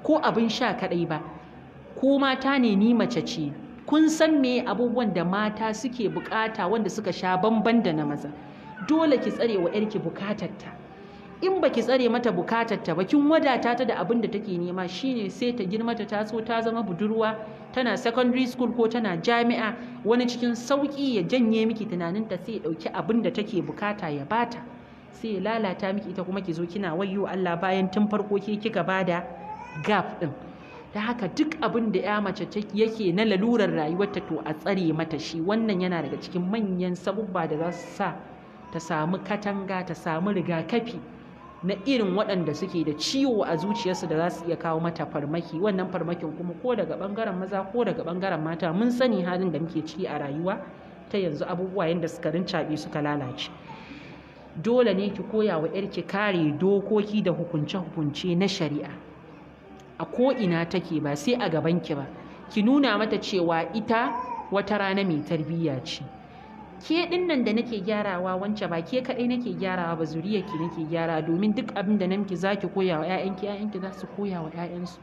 ko abin sha kadai ba ko mata ne ni mace ce kun san me abubuwan da mata suke bukata wanda suka sha bamban da na maza dole ki tsare wa yarki bukatarta in baki tsare mata bukatarta ba kin wadata ta da abin da take nema shine sai ta girma ta taso ta zama budurwa tana secondary school ko tana jami'a wani cikin sauki ya janye miki tunanin ta sai ya dauki abin da take bukata ya bata sai ya lalata miki ita kuma ki zo kina wayyo Allah bayan tun farko ke kika bada gap din ta haka duk abin da ya mace yake na lalurar rayuwarta to a tsare mata shi wannan yana daga cikin manyan sabubba da za su sa ta samu katanga ta samu rigakafi na irin waɗanda suke da ciwo a zuciyarsu da za su iya kawo mata farmaki wannan farmakin kuma ko daga ɓangaren maza ko daga ɓangaren mata mun sani halin da muke ciki a rayuwa ta yanzu abubuwa yadda suka rincaɓe suka lalace dole ne ki koya wa 'yarki kare dokoki da hukunce-hukunce na shari'a a ko ina take ba sai a gaban ki ba ki nuna mata cewa ita wata rana mai tarbiyya ce ke din nan da nake gyarawa wance ba ke kadai nake gyarawa ba zuriyar ki nake gyara domin duk abin da namki zaki koya wa ƴaƴanki ƴaƴanki za su koya wa ƴaƴansu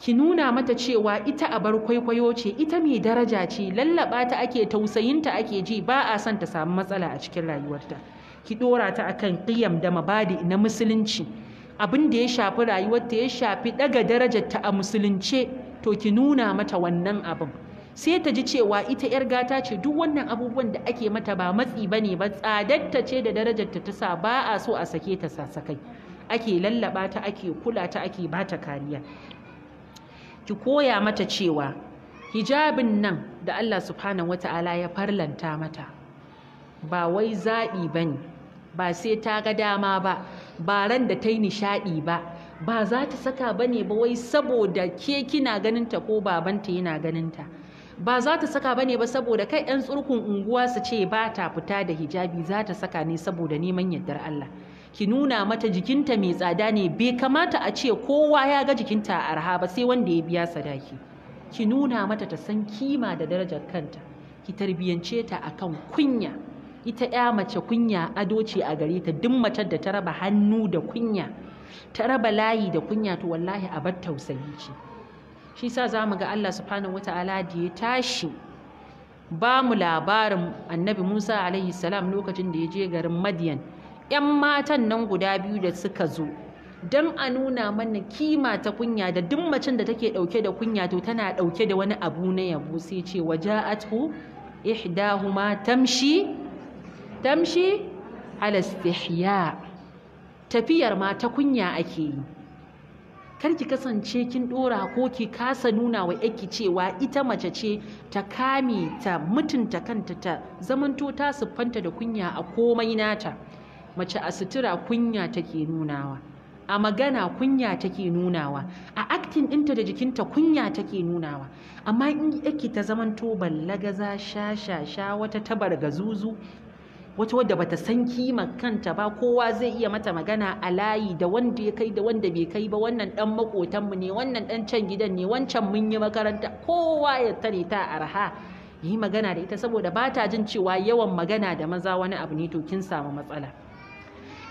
ki nuna mata cewa ita a bar kwaikwayo ce ita mai daraja ce lallaba ta ake tausayinta ake ji ba a son ta samu matsala a cikin rayuwarta ki dora ta akan qiyam da mabadi na musulunci abin da ya shafi rayuwarta ya shafi daga darajarta a musulunce to ki nuna mata wannan abin sai ta ji cewa ita yar gata ce duk wannan abubuwan da ake mata ba matsi bane ba tsadatta ce da darajarta ta sa ba a so a sake ta sasakai ake lallaba ta ake kula ta ake bata kariya ki koya mata cewa hijabin nan da Allah subhanahu wata'ala ya farlanta mata ba wai zaɓi bane ba sai ta ga dama ba ba ran da ta yi nishaɗi ba ba za ta saka ba ne ba wai saboda ke kina ganinta ko babanta yana ganinta ba za ta saka ba ne ba saboda kai 'yan tsurkun unguwa su ce ba ta fita da hijabi za ta saka ne saboda neman yardar Allah ki nuna mata jikinta mai tsada ne bai kamata a ce kowa ya ga jikinta a arha ba sai wanda ya biya sadaki ki nuna mata ta san kima da darajar kanta ki tarbiyance ta akan kunya ita ya mace kunya ado ce a gare ta duk mace da ta raba hannu da kunya ta raba layi da kunya to wallahi a bar tausayi ce shi sa za mu ga Allah subhanahu wata'ala da ya tashi ba mu labarin annabi Musa alaihi salam lokacin da ya je garin Madiyan ‘yan matan nan guda biyu da suka zo dan a nuna mana kima ta kunya da duk macen da take ɗauke da kunya to tana ɗauke da wani abu na yabo sai ce waja'atu ihdahuma tamshi tamshi ala tafiyar ma ta kunya ake yi kar ki kasance kin dora ko ki kasa nuna wa yake cewa ita mace ce ta kame ta mutunta kanta ta zamanto ta siffanta da kunya a komai nata mace a sutura kunya take nunawa a magana kunya take nunawa a aktin ɗinta da jikinta kunya take nunawa amma in yake ta zamanto za sha sha sha wata tabar gazuzu wata wadda bata san kimar kanta ba kowa zai iya mata magana a layi da wanda ya kai da wanda bai kai ba wannan dan makotanmu ne wannan dan can gidan ne wancan mun yi makaranta kowa ya tare ta arha yi magana da ita saboda ba ta jin cewa yawan magana da maza wani abu ne to kin samu matsala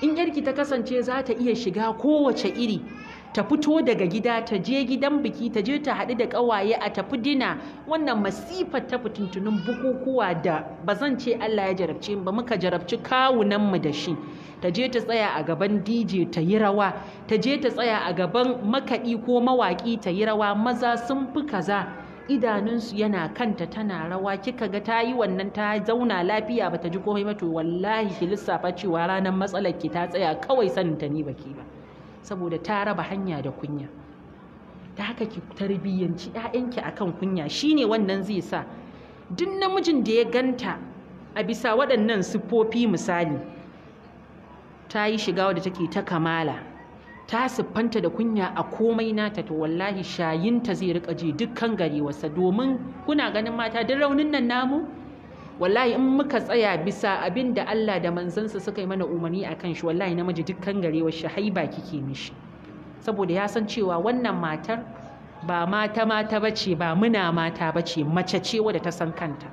in yarki ta kasance za ta iya shiga kowace iri ta fito daga gida ta je gidan biki ta je ta haɗu da ƙawaye a tafi dina wannan masifar ta fitintunin bukukuwa da ba zan ce Allah ya jarabce ba muka jarabci kawunan mu da shi ta je ta tsaya a gaban DJ ta yi rawa ta je ta tsaya a gaban makaɗi ko mawaƙi ta yi rawa maza sun fi kaza idanunsu yana kanta tana rawa kika ga ta yi wannan ta zauna lafiya ba ta ji komai ba to wallahi ki lissafa cewa ranar matsalar ki ta tsaya kawai sanin ta ni baki ba saboda ta raba hanya da kunya ta haka ki tarbiyyanci 'ya'yanki akan kunya shine wannan zai sa duk namijin da ya ganta a bisa waɗannan siffofi misali ta yi shiga wadda take ta kamala ta siffanta da kunya a komai nata to wallahi shayinta zai rika je dukkan gari wasa domin kuna ganin mata duk raunin nan namu wallahi in muka tsaya bisa abin da Allah da manzansa suka yi mana umarni kan shi wallahi namiji dukkan garewar shi haiba kike mishi saboda ya san cewa wannan matar ba mata mata bace ba muna mata bace mace ce wadda ta san kanta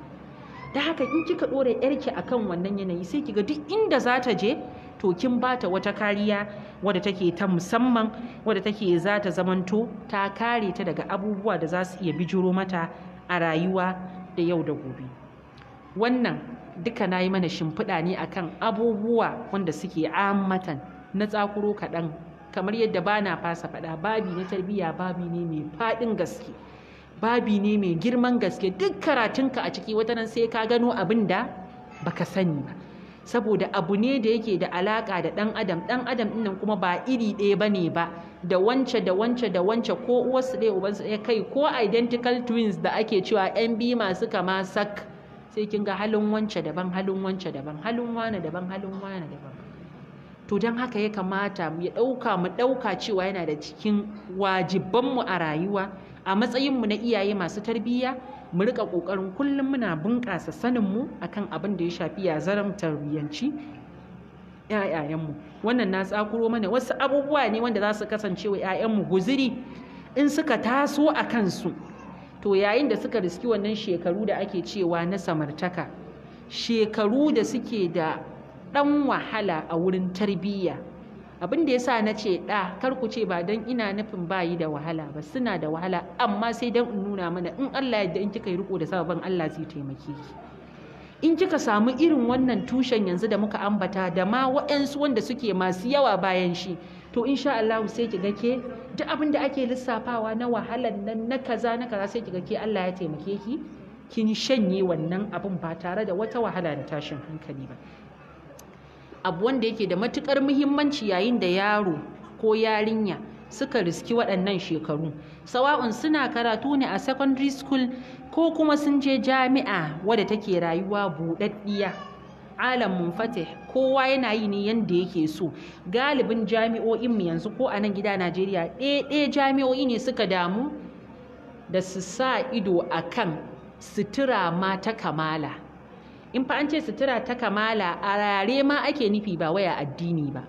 da haka in kika dora yarki akan wannan yanayi sai kiga duk inda za ta je to kin bata wata kariya wadda take ta musamman wadda take za ta zamanto ta kare ta daga abubuwa da za su iya bijiro mata a rayuwa da yau da gobe wannan duka na yi mana shimfiɗa ne a kan abubuwa wanda suke ammatan na tsakuro kaɗan kamar yadda ba na fasa faɗa babi na tarbiyya babi ne mai faɗin gaske babi ne mai girman gaske duk karatunka a ciki wata nan sai ka gano abin da baka sani ba saboda abu ne da yake da alaƙa da ɗan adam ɗan adam ɗinnan kuma ba iri ɗaya ba ne ba da wance da wance da wance ko uwarsu ɗaya ubansu ɗaya kai ko identical twins da ake cewa yan biyu masu kama sak sai kin ga halin wance daban halin wance daban halin wane daban halin wane daban to don haka ya kamata mu ɗauka mu ɗauka cewa yana da cikin wajibanmu a rayuwa a matsayinmu na iyaye masu tarbiyya mu riƙa ƙoƙarin kullum muna bunƙasa saninmu akan abin da ya shafi yazaran tarbiyyanci ‘ya'yayenmu wannan na tsakuro mana wasu abubuwa ne wanda za su kasance wa ‘ya'yanmu guziri in suka taso a kansu to yayin da suka riski wannan shekaru da ake cewa na samartaka shekaru da suke da ɗan wahala a wurin tarbiyya abin da ya sa na ce ɗa kar ku ce ba don ina nufin bayi da wahala ba suna da wahala amma sai don in nuna mana in Allah yadda in kika yi riko da sababan Allah zai taimake ki in kika samu irin wannan tushen yanzu da muka ambata da ma waɗansu wanda suke masu yawa bayan shi to insha Allah sai ki ga ke duk abin da ake lissafawa na wahalar nan na kaza na kaza sai ki ga ke Allah ya taimake ki kin shanye wannan abin ba tare da wata wahala da tashin hankali ba abu wanda yake da matukar muhimmanci yayin da yaro ko yarinya suka riski waɗannan shekaru sawa'un suna karatu ne a secondary school ko kuma sun je jami'a wadda take rayuwa buɗaɗɗiya alam munfatih kowa yana yi ne yanda yake so galibin jami'o'inmu yanzu ko a nan gida Najeriya ɗaya jami'o'i ne suka damu da su sa ido a kan sutura ma ta kamala in fa an ce sutura ta kamala a rare ma ake nufi ba waya addini ba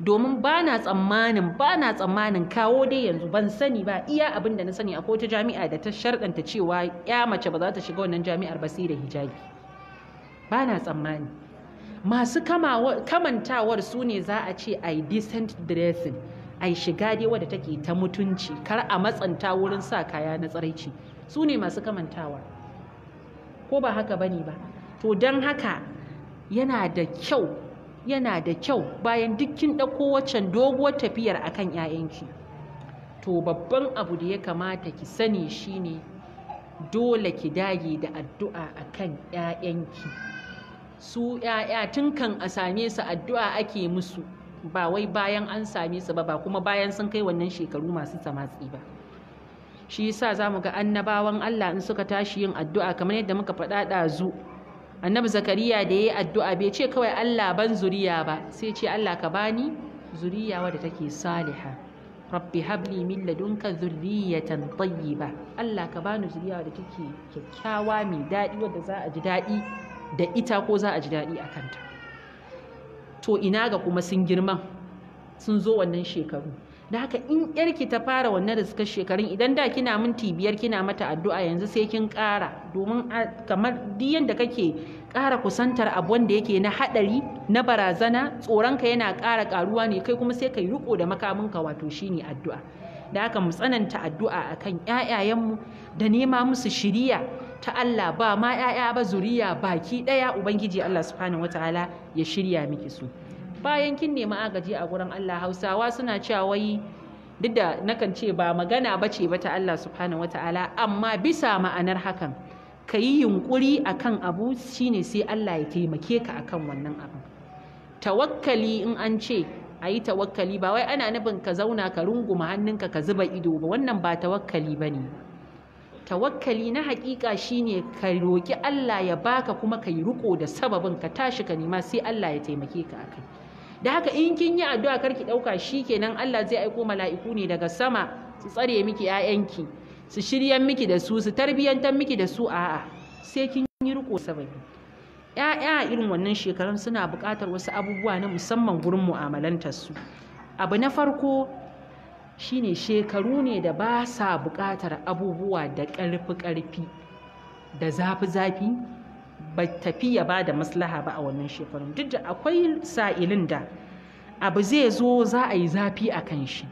domin ba na tsammanin ba na tsammanin kawo dai yanzu ban sani ba iya abin da na sani akwai wata jami'a da ta shardanta cewa ya mace ba za ta shiga wannan jami'ar ba sai da hijabi ba na tsammani masu kamantawar su ne za a ce a decent dressing a shiga dai wadda take ta mutunci kar a matsanta wurin sa kaya na tsaraici su ne masu kamantawa ko ba haka bane ba to don haka yana da kyau yana da kyau bayan dukkin ɗauko waccan doguwar tafiyar akan 'ya'yanki to babban abu da ya kamata ki sani shine dole ki dage da addu'a akan 'ya'yanki su ‘ya'ya tun kan a same su addu'a ake musu ba wai bayan an same su ba ba kuma bayan sun kai wannan shekaru masu tsamatsi ba shi yasa za mu ga annabawan Allah in suka tashi yin addu'a kamar yadda muka faɗa ɗazu annabi zakariya da ya yi addu'a bai ce kawai Allah ban zuriya ba sai ce Allah ka bani zuriya wadda take saliha rabbi habli min ladunka zurriyatan tayyiba Allah ka bani zuriya wadda take kyakkyawa mai daɗi wadda za a ji daɗi da ita ko za a ji daɗi a kanta to ina ga kuma sun girma, sun zo wannan shekaru da haka in yarki ta fara wannan da suka shekarun idan da kina minti biyar kina mata addu'a yanzu sai kin ƙara domin kamar duk yadda kake ƙara kusantar abu wanda yake na haɗari na barazana tsoronka yana ƙara ƙaruwa ne kai kuma sai ka yi riƙo da makaminka wato shine addu'a da haka mu tsananta addu'a akan mu da nema musu shiriya ta Allah ba ma 'ya'ya ba zuriya baki ɗaya ubangiji Allah subhanahu wataala ya shirya miki su bayan kin nemi agaji a gurin Allah Hausawa suna cewa wai duk da nakan ce ba magana ba ce ba ta Allah subhanahu wataala amma bisa ma'anar hakan ka yi yunƙuri kan abu shi ne sai Allah ya taimake ka akan wannan abu tawakkali in an ce a yi tawakkali ba wai ana nufin ka zauna ka runguma hannunka ka zuba ido ba wannan ba tawakkali ba ne tawakkali na haƙiƙa shine ka roƙi Allah ya baka kuma ka yi riko da sababin ka tashi ka nema sai Allah ya taimake ka akai da haka in kin yi addu'a kar ki ɗauka shi kenan Allah zai aiko mala'iku ne daga sama su tsare miki ƴaƴanki, su shirya miki da su su tarbiyyantar miki da su a'a sai kin yi riko sababi ‘ya'ya irin wannan shekarun suna buƙatar wasu abubuwa na musamman gurin mu'amalantar su abu na farko shine shekaru ne da ba sa buƙatar abubuwa da ƙarfi-ƙarfi da zafi-zafi ba tafiya ba da maslaha ba a wannan shekarun duk da akwai sa'ilin da abu zai zo za a yi zafi a kan shi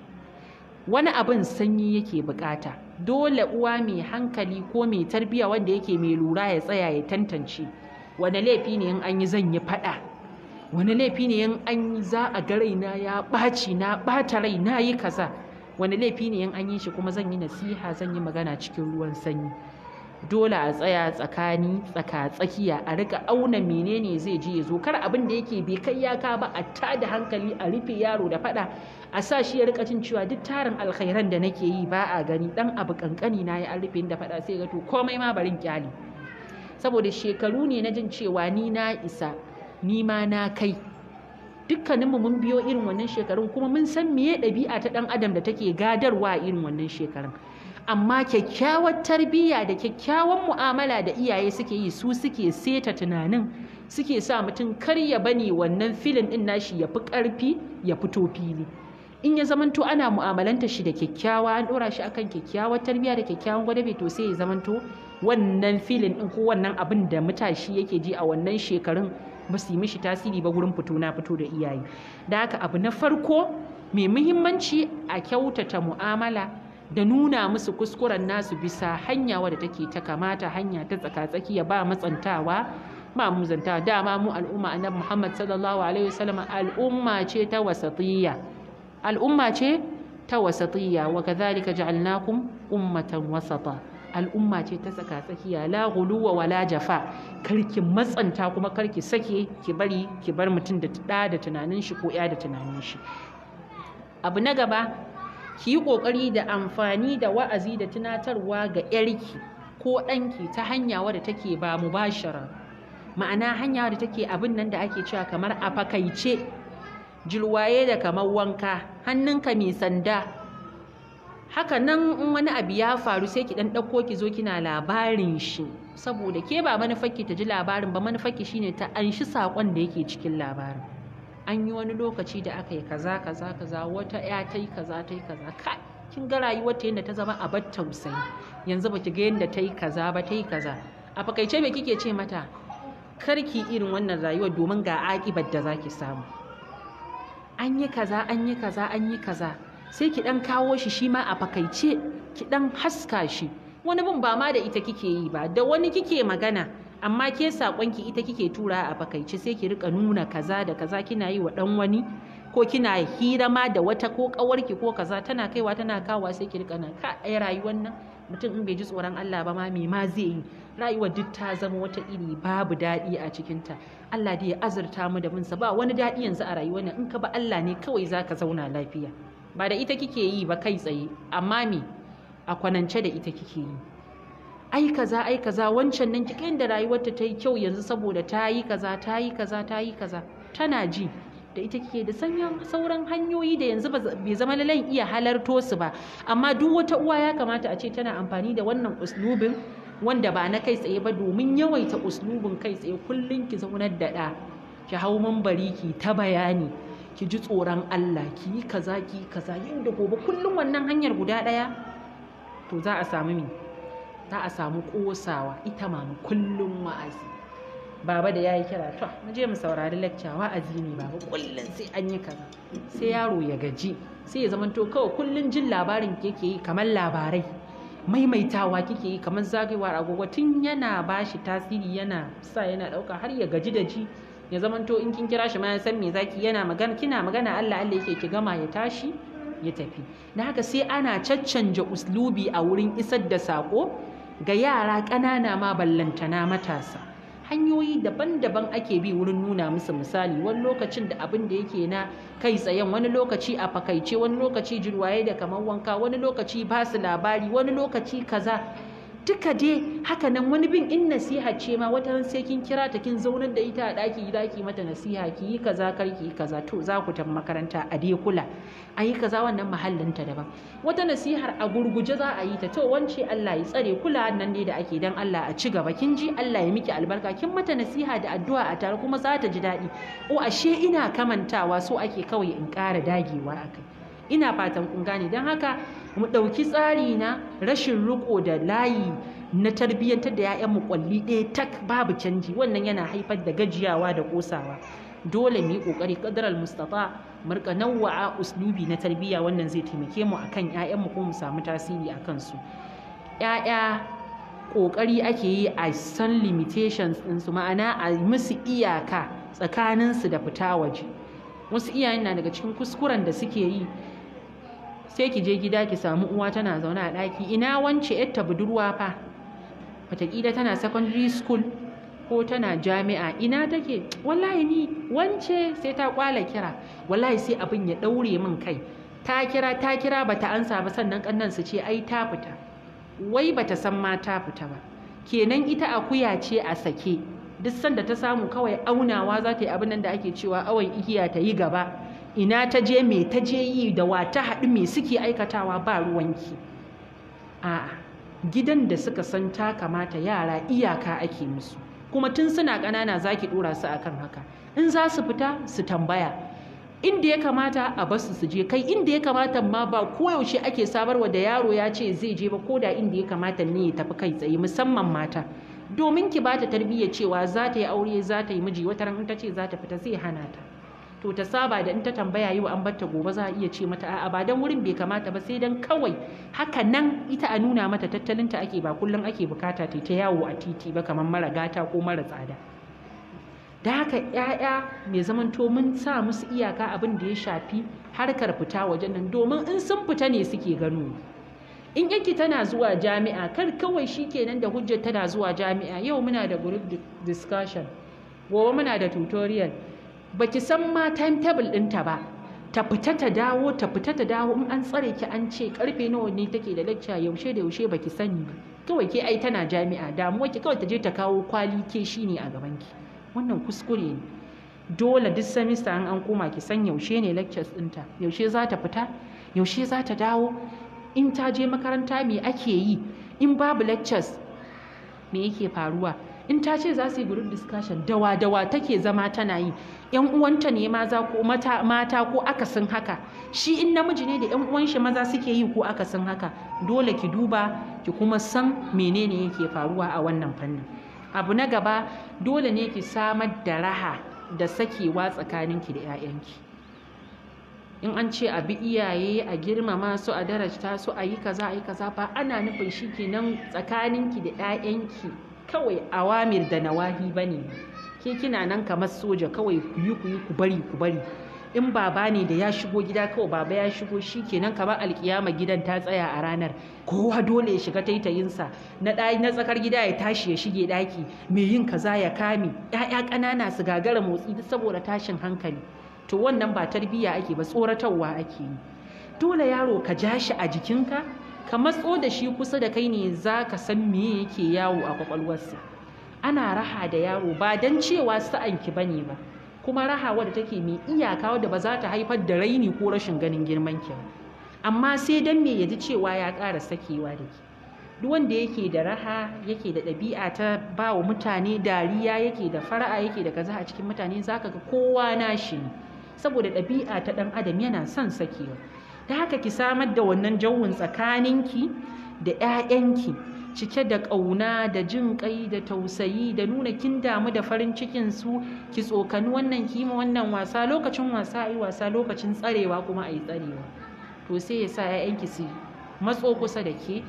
wani abin sanyi yake buƙata, dole uwa mai hankali ko mai tarbiya wanda yake mai lura ya tsaya ya tantance wani laifi ne in an yi zan yi faɗa wani laifi ne in an za a ga raina ya ɓaci na ɓata rai na yi kaza wani laifi ne in an yi shi kuma zan yi nasiha zan yi magana cikin ruwan sanyi dole a tsaya tsakani tsaka tsakiya a rika auna menene zai je ya zo kar abin da yake bai kai ya ka ba a tada hankali a rufe yaro da fada a sa shi ya rika cin cewa duk tarin alkhairan da nake yi ba a gani dan abu kankani na yi a rufe da fada sai ga to komai ma barin kyali saboda shekaru ne na jin cewa ni na isa ni ma na kai dukkaninmu mun biyo irin wannan shekarun kuma mun san meye ɗabi'a ta ɗan adam da take gadarwa irin wannan shekarun amma kyakkyawar tarbiyya da kyakkyawan mu'amala da iyaye suke yi su suke seta tunanin suke sa mutum kar ya bani wannan filin ɗin nashi ya fi ƙarfi ya fito fili in ya zamanto ana mu'amalanta shi da kyakkyawa an ɗora shi akan kyakkyawar tarbiyya da kyakkyawan gwada to sai ya zamanto wannan filin ɗin ko wannan abin da matashi yake ji a wannan shekarun ba mishi tasiri ba gurin fito na fito da iyaye da haka abu na farko mai muhimmanci a kyautata mu'amala da nuna musu kuskuren nasu bisa hanya wadda take ta kamata hanya ta tsakatsakiya ba matsantawa ba muzantawa dama mu al'umma annabi Muhammad sallallahu alaihi wasallam al'umma ce ta wasatiyya al'umma ce ta wasatiyya wa kadhalika ja'alnakum ummatan wasata al'umma ce ta tsaka tsakiya la guluwa wala jafa karki matsanta kuma karki sake ki bari ki bar mutum da da da tunanin shi ko ya da tunanin shi abu na gaba ki yi ƙoƙari da amfani da wa'azi da tunatarwa ga yarki ko ɗanki ta hanya wadda take ba mubashara ma'ana hanya wadda take abin nan da ake cewa kamar a fakaice jilwaye da kamar wanka hannunka mai sanda haka nan in wani abu ya faru sai ki dan ɗauko ki zo kina labarin shi saboda ke ba manufarki ta ji labarin ba manufarki shine ta anshi saƙon da yake cikin labarin an yi wani lokaci da aka yi kaza kaza kaza wata ya ta yi kaza ta yi kaza kai kin ga rayuwar ta yadda ta zama a bar tausayi yanzu ba ki ga yadda ta yi kaza ba ta yi kaza a fakaice me kike ce mata karki irin wannan rayuwar domin ga aƙibar da zaki samu an yi kaza an yi kaza an yi kaza sai ki ɗan kawo shi shi ma a fakaice ki ɗan haska shi wani bin ba ma da ita kike yi ba da wani kike magana amma ke saƙonki ita kike tura a fakaice sai ki rika nuna kaza da kaza kina yi wa ɗan wani ko kina hira ma da wata ko ƙawarki ko kaza tana kaiwa tana kawa sai ki rika nan ka ai rayuwar nan mutum in bai ji tsoron Allah ba ma me ma zai yi rayuwar duk ta zama wata iri babu daɗi a cikinta Allah da ya azurta mu da sa ba wani daɗi yanzu a rayuwar nan in ka ba Allah ne kawai zaka zauna lafiya ba da ita kike yi ba kai tsaye amma me a kwanance da ita kike yi ai kaza ai kaza wancan nan kike da rayuwarta ta yi kyau yanzu saboda ta yi kaza ta yi kaza ta yi kaza tana ji da ita kike da sanyan sauran hanyoyi da yanzu bai zama lalai iya halarto su ba amma duk wata uwa ya kamata a ce tana amfani da wannan uslubin wanda ba na kai tsaye ba domin yawaita uslubin kai tsaye kullum ki zaunar da ɗa ki hau mambari ki ta bayani ki ji tsoron Allah ki yi kaza ki yi kaza da gobe kullum wannan hanyar guda ɗaya to za a samu me za a samu kosawa ita mama kullum wa'azi baba da yayi kira to mu je mu saurari lecture wa'azi ne baba kullum sai an yi kaza sai yaro ya gaji sai ya zamanto kawai kullum jin labarin ke ke yi kamar labarai maimaitawa kike yi kamar zagayewar agogo tun yana bashi tasiri yana sa yana ɗauka har ya gaji da ji ya zamanto in kin kira shi ma ya san me zaki yana magana kina magana Allah Allah yake ki gama ya tashi ya tafi na haka sai ana caccanja uslubi a wurin isar da sako ga yara ƙanana ma ballantana matasa hanyoyi daban-daban ake bi wurin nuna musu misali wani lokacin da abin da yake na kai tsayen wani lokaci a fakaice wani lokaci jirwaye da kamar wanka wani lokaci ba su labari wani lokaci kaza duka dai haka nan wani bin in nasiha ce ma wata ran sai kin kira ta kin zaunar da ita a daki za ki mata nasiha ki yi kaza kar ki kaza to za ku tafi makaranta a dai kula a yi kaza wannan mahallin ta daban wata nasihar a gurguje za a yi ta to wance Allah ya tsare kula nan ne da ake dan Allah a ci gaba kin ji Allah ya miki albarka kin mata nasiha da addu'a a tare kuma za ta ji daɗi o ashe ina kamantawa so ake kawai in ƙara dagewa akai ina fatan kun gane don haka mu ɗauki tsari na rashin riko da layi na tarbiyyantar da 'ya'yanmu kwalli ɗaya tak babu canji wannan yana haifar da gajiyawa da ƙosawa dole mu yi ƙoƙari ƙadarar mustapha mu nawa'a uslubi na tarbiyya wannan zai taimake mu akan 'ya'yanmu ko mu samu tasiri a kansu 'ya'ya ƙoƙari ake yi a san limitations ɗinsu ma'ana a musu iyaka tsakaninsu da fita waje wasu iyayen na daga cikin kuskuren da suke yi sai ki je gida ki samu uwa tana zaune a ɗaki ina wance yadda budurwa fa watakila tana secondary school ko tana jami'a ina take wallahi ni wance sai ta kwala kira wallahi sai abin ya ɗaure min kai ta kira ta kira ba ta ansa ba sannan kannan su ce ai ta fita wai ba ta san ma ta fita ba kenan ita akuya ce a sake duk sanda ta samu kawai aunawa za ta yi abin nan da ake cewa awon igiya ta yi gaba ina ta je me ta je yi da wa ta haɗu me suke aikatawa ba ruwanki a'a gidan da suka san ta kamata yara iyaka ake musu kuma tun suna ƙanana za ki ɗora su akan haka in za su fita su tambaya inda ya kamata a basu su je kai inda ya kamata ma ba koyaushe ake sabarwa da yaro ya ce zai je ba ko da inda ya kamata ne ya tafi kai tsaye musamman mata domin ki ba ta tarbiyya cewa za ta yi aure za ta yi miji wata ran ta ce za ta fita zai hana ta to ta saba da in ta tambaya yau an batta gobe za a iya ce mata a'a ba dan wurin bai kamata ba sai dan kawai haka nan ita a nuna mata tattalin ta ake ba kullum ake bukata ta ta yawo a titi ba kamar mara gata ko mara tsada da haka 'ya'ya mai zamanto mun sa musu iyaka abin da ya shafi harkar fita wajen nan domin in sun fita ne suke gano in yake tana zuwa jami'a kar kawai shi kenan da hujjar tana zuwa jami'a yau muna da group discussion gobe muna da tutorial baki san ma timetable ɗinta ba ta fita ta dawo ta fita ta dawo in an tsare ki an ce karfe nawa ne take da lecture yaushe da yaushe baki sani ba kawai ke ai tana jami'a damuwa ki kawai ta je ta kawo kwali ke shi ne a gaban ki wannan kuskure ne dole duk semester an an koma ki san yaushe ne lectures ɗinta yaushe za ta fita yaushe za ta dawo in ta je makaranta me ake yi in babu lectures me yake faruwa in ta ce za su yi group discussion dawa dawa take zama tana yi yan uwanta ne maza ko mata, mata ko akasin haka shi in namiji ne da yan uwan shi maza suke yi ko akasin haka dole ki duba ki kuma san menene yake faruwa a wannan fannin abu na gaba dole ne ki samar da raha da sakewa tsakaninki da 'ya'yanki in an ce a bi iyaye a girmama su a darajta su a yi kaza a yi kaza ba ana nufin shi kenan tsakaninki da 'ya'yanki kawai awamir da nawahi ba ne ke kina nan kamar soja kawai kuyi kuyi ku bari ku bari in baba ne da ya shigo gida kawai baba ya shigo shi kenan kamar alkiyama gidan ta tsaya a ranar kowa dole ya shiga taitayinsa na na tsakar gida ya tashi ya shige ɗaki mai yin kaza ya kame Ya'ya ƙanana su gagara motsi duk saboda tashin hankali to wannan ba tarbiyya ake ba tsoratarwa ake yi dole yaro ka ja shi a jikinka ka matso da shi kusa da kai ne za ka san me yake yawo a kwakwalwarsa ana raha da yaro ba don cewa sa'anki bane ba kuma raha wadda take mai iyaka wadda ba za ta haifar da raini ko rashin ganin girman ki ba amma sai don me yaji cewa ya ƙara sakewa da ke duk wanda yake da raha yake da ɗabi'a ta ba wa mutane dariya yake da fara'a yake da kaza a cikin mutane zaka ga kowa nashi ne saboda ɗabi'a ta ɗan adam yana son sakewa da haka ki samar da wannan jawun tsakaninki da 'ya'yanki cike da ƙauna da jin ƙai da tausayi da nuna kin damu da farin cikin su ki tsokani wannan kima wannan wasa lokacin wasa ai wasa lokacin tsarewa kuma ai tsarewa to sai ya sa 'ya'yanki su matso kusa da ke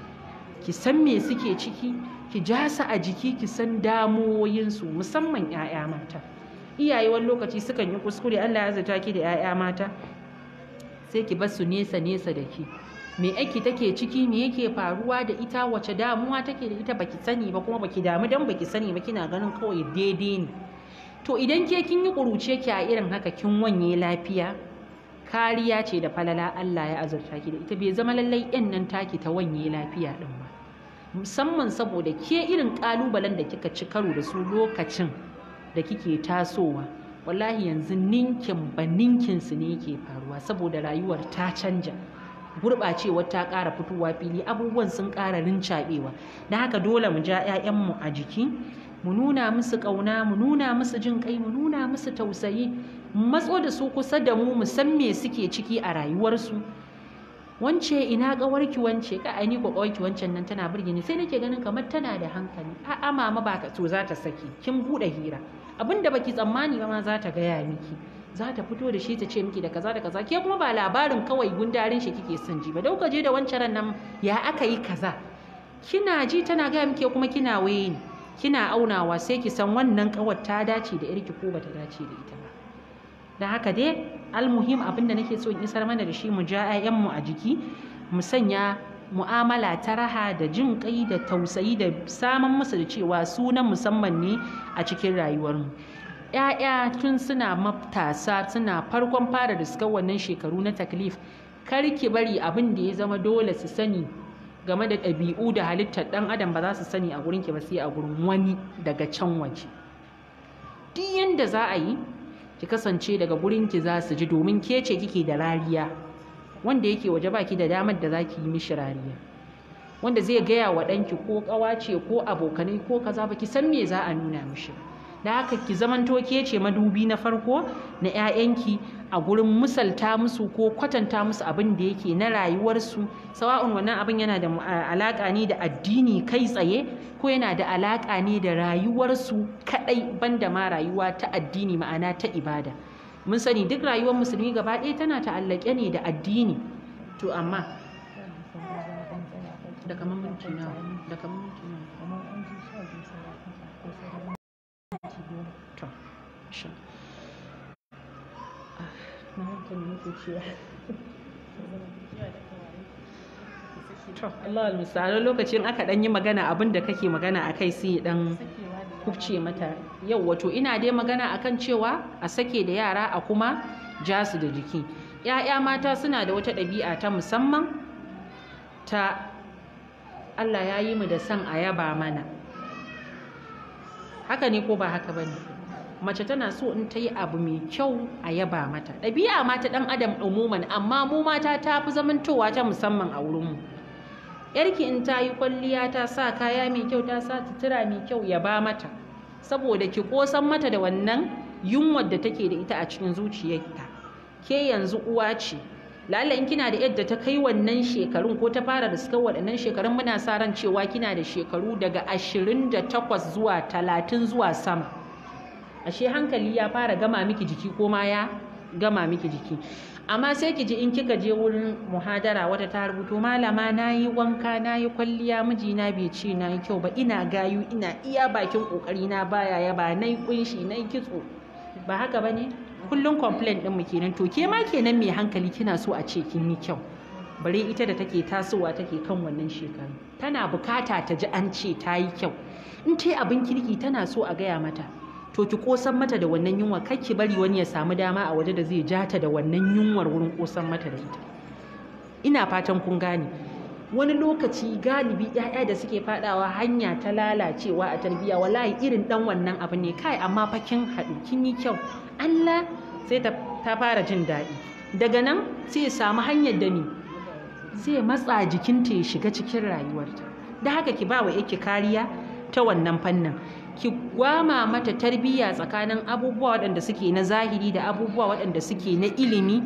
ki san me suke ciki ki ja su a jiki ki san su musamman 'ya'ya mata iyaye wani lokaci sukan yi kuskure Allah ya zata ki da 'ya'ya mata sai ki bar su nesa nesa da ki me aiki take ciki me yake faruwa da ita wace damuwa take da ita baki sani ba kuma baki damu dan baki sani ba kina ganin kawai daidai ne to idan ke kin yi kuruce ki a irin haka kin wanye lafiya kariya ce da falala Allah ya azurta ki da ita bai zama lallai yan nan taki ta wanye lafiya din ba musamman saboda ke irin ƙalubalen da kika ci karo da su lokacin da kike tasowa wallahi yanzu ninkin ba ninkin su ne ke faruwa saboda rayuwar ta canja gurɓacewa ta ƙara fitowa fili abubuwan sun ƙara rincaɓewa da haka dole mu ja 'ya'yanmu a jiki mu nuna musu ƙauna mu nuna musu jin ƙai, mu nuna musu tausayi mu matso da su kusa da mu mu me suke ciki a rayuwarsu wance ina ƙawarki wance ka ai ni ko ƙawarki wancan nan tana burge ni sai nake ganin kamar tana da hankali a'a mama ba ka to za ta saki kin buɗe hira abinda baki tsammani ba ma za ta gaya miki za ta fito da shi ta ce miki da kaza da kaza ke kuma ba labarin kawai gundarin shi kike son ji ba dauka je da wancan nan ya aka yi kaza kina ji tana gaya miki kuma kina waye ni kina aunawa sai ki san wannan kawar ta dace da irki ko bata dace da ita ba dan haka dai almuhim abin da nake so in isar mana da shi mu ja mu a jiki mu sanya mu'amala ta raha da jin kai da tausayi da saman musu da cewa sunan musamman ne a cikin rayuwarmu 'ya'ya tun suna matasa suna farkon fara suka wannan shekaru na taklif kar ki bari abin da ya zama dole su sani game da ɗabi'u da halittar ɗan adam ba za su sani a gurin ba sai a gurin wani daga can waje duk yanda za a yi ki kasance daga gurin ki za su ji domin ke ce kike da rariya wanda yake waje baki da damar da za ki yi mishi rariya wanda zai gaya wa ɗanki ko ƙawace ko abokanai ko kaza ki san me za a nuna mishi ba da haka ki zamanto ke ce madubi na farko na 'ya'yanki a gurin musalta musu ko kwatanta musu abin da yake na rayuwarsu sawa'un wannan abin yana da alaƙa ne da addini kai tsaye ko yana da alaƙa ne da rayuwarsu kaɗai banda ma rayuwa ta addini ma'ana ta ibada mun sani duk rayuwar musulmi gaba ɗaya tana ta'allake ne da addini to amma da kamar To, sha. Ah, na haka ne muke cewa. To, Allah al lokacin aka ɗan yi magana abin da kake magana a kai sai ɗan kubce mata. Yau wato ina dai magana akan cewa a sake da yara a kuma ja su da jiki. ‘Ya'ya mata suna da wata ɗabi'a ta musamman ta Allah ya yi mu da san a yaba mana. haka ne ko ba haka ba ne mace tana so in ta yi abu mai kyau a yaba mata ɗabi'a ma ta ɗan adam umuman amma mu mata ta fi zamantowa ta musamman a wurinmu yarki in ta yi kwalliya ta sa kaya mai kyau ta sa sutura mai kyau ya ba mata saboda ki kosan mata da wannan yunwar da take da ita a cikin zuciyarta ke yanzu uwa ce lalla in kina da yadda ta kai wannan shekarun ko ta fara riskar waɗannan shekarun muna sa ran cewa kina da shekaru daga 28 zuwa 30 zuwa sama ashe hankali ya fara gama miki jiki ko ma ya gama miki jiki amma sai ki ji in kika je wurin muhadara wata ta rubuto malama na yi wanka na yi kwalliya mijina bai ce na yi kyau ba ina gayu ina iya bakin kokari na baya ya ba nai kunshi na kitso ba haka bane. kullum complain din mu kenan to ke ma kenan mai hankali kina so a ce kin yi kyau bare ita da take tasowa take kan wannan shekaru tana bukata ta ji an ce ta yi kyau in ce abin kirki tana so a gaya mata to ki kosan mata da wannan yunwa kar ki bari wani ya samu dama a waje da zai ja ta da wannan yunwar wurin kosan mata da ita ina fatan kun gane wani lokaci galibi ‘ya'ya da suke fadawa hanya ta lalacewa a tarbiyya wallahi irin dan wannan abu ne kai amma fa kin haɗu kin yi kyau Allah sai ta fara jin daɗi daga nan sai ya samu hanyar da ni zai matsa jikinta ya shiga cikin rayuwarta da haka ki bawa wa yake kariya ta wannan fannin ki gwama mata tarbiyya tsakanin abubuwa waɗanda suke na zahiri da abubuwa waɗanda suke na ilimi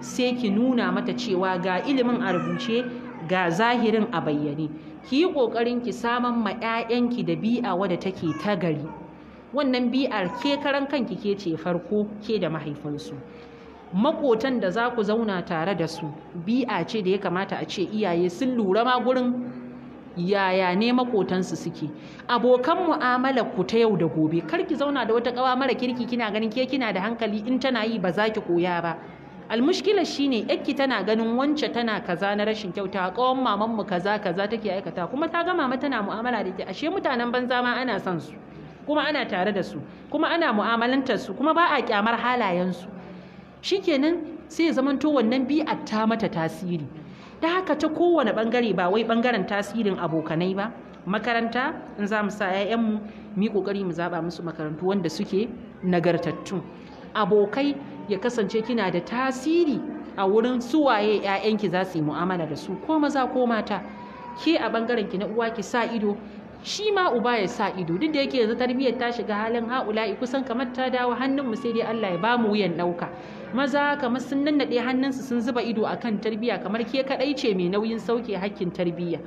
sai ki nuna mata cewa ga ilimin a rubuce ga zahirin a bayyane ki yi ƙoƙarin ki saman ma 'ya'yanki da bi'a wadda take ta gari wannan bi'ar ke karan kanki ke ce farko ke da mahaifinsu makotan da za ku zauna tare da su bi'a ce da ya kamata a ce iyaye sun lura ma gurin yaya ne makotansu suke abokan mu'amala ku ta yau da gobe kar ki zauna da wata ƙawa mara kirki kina ganin ke kina da hankali in tana yi ba za ki koya ba almushkila shine yakki tana ganin wance tana kaza na rashin kyauta kawon maman mu kaza kaza take aikata kuma ta ga mama tana mu'amala da ita ashe mutanen banza ma ana son su kuma ana tare da su kuma ana mu'amalantar su kuma ba a kyamar halayen su shikenan sai zamanto wannan a ta mata tasiri ta haka ta kowane bangare ba wai bangaren tasirin abokanai ba makaranta in za mu sa 'ya'yanmu mu yi kokari mu zaba musu makarantu wanda suke nagartattu abokai ya kasance kina da tasiri a wurin suwaye 'ya'yanki za su yi mu'amala da su ko maza ko mata ke a bangaren ki na uwa ki sa ido shi ma uba ya sa ido duk da yake yanzu tarbiyyar ta shiga halin haula'i kusan kamar ta dawo hannun mu sai dai Allah ya bamu wuyan dauka maza kamar sun nannade hannunsu sun zuba ido akan tarbiyya kamar ke kadai ce mai nauyin sauke hakkin tarbiyya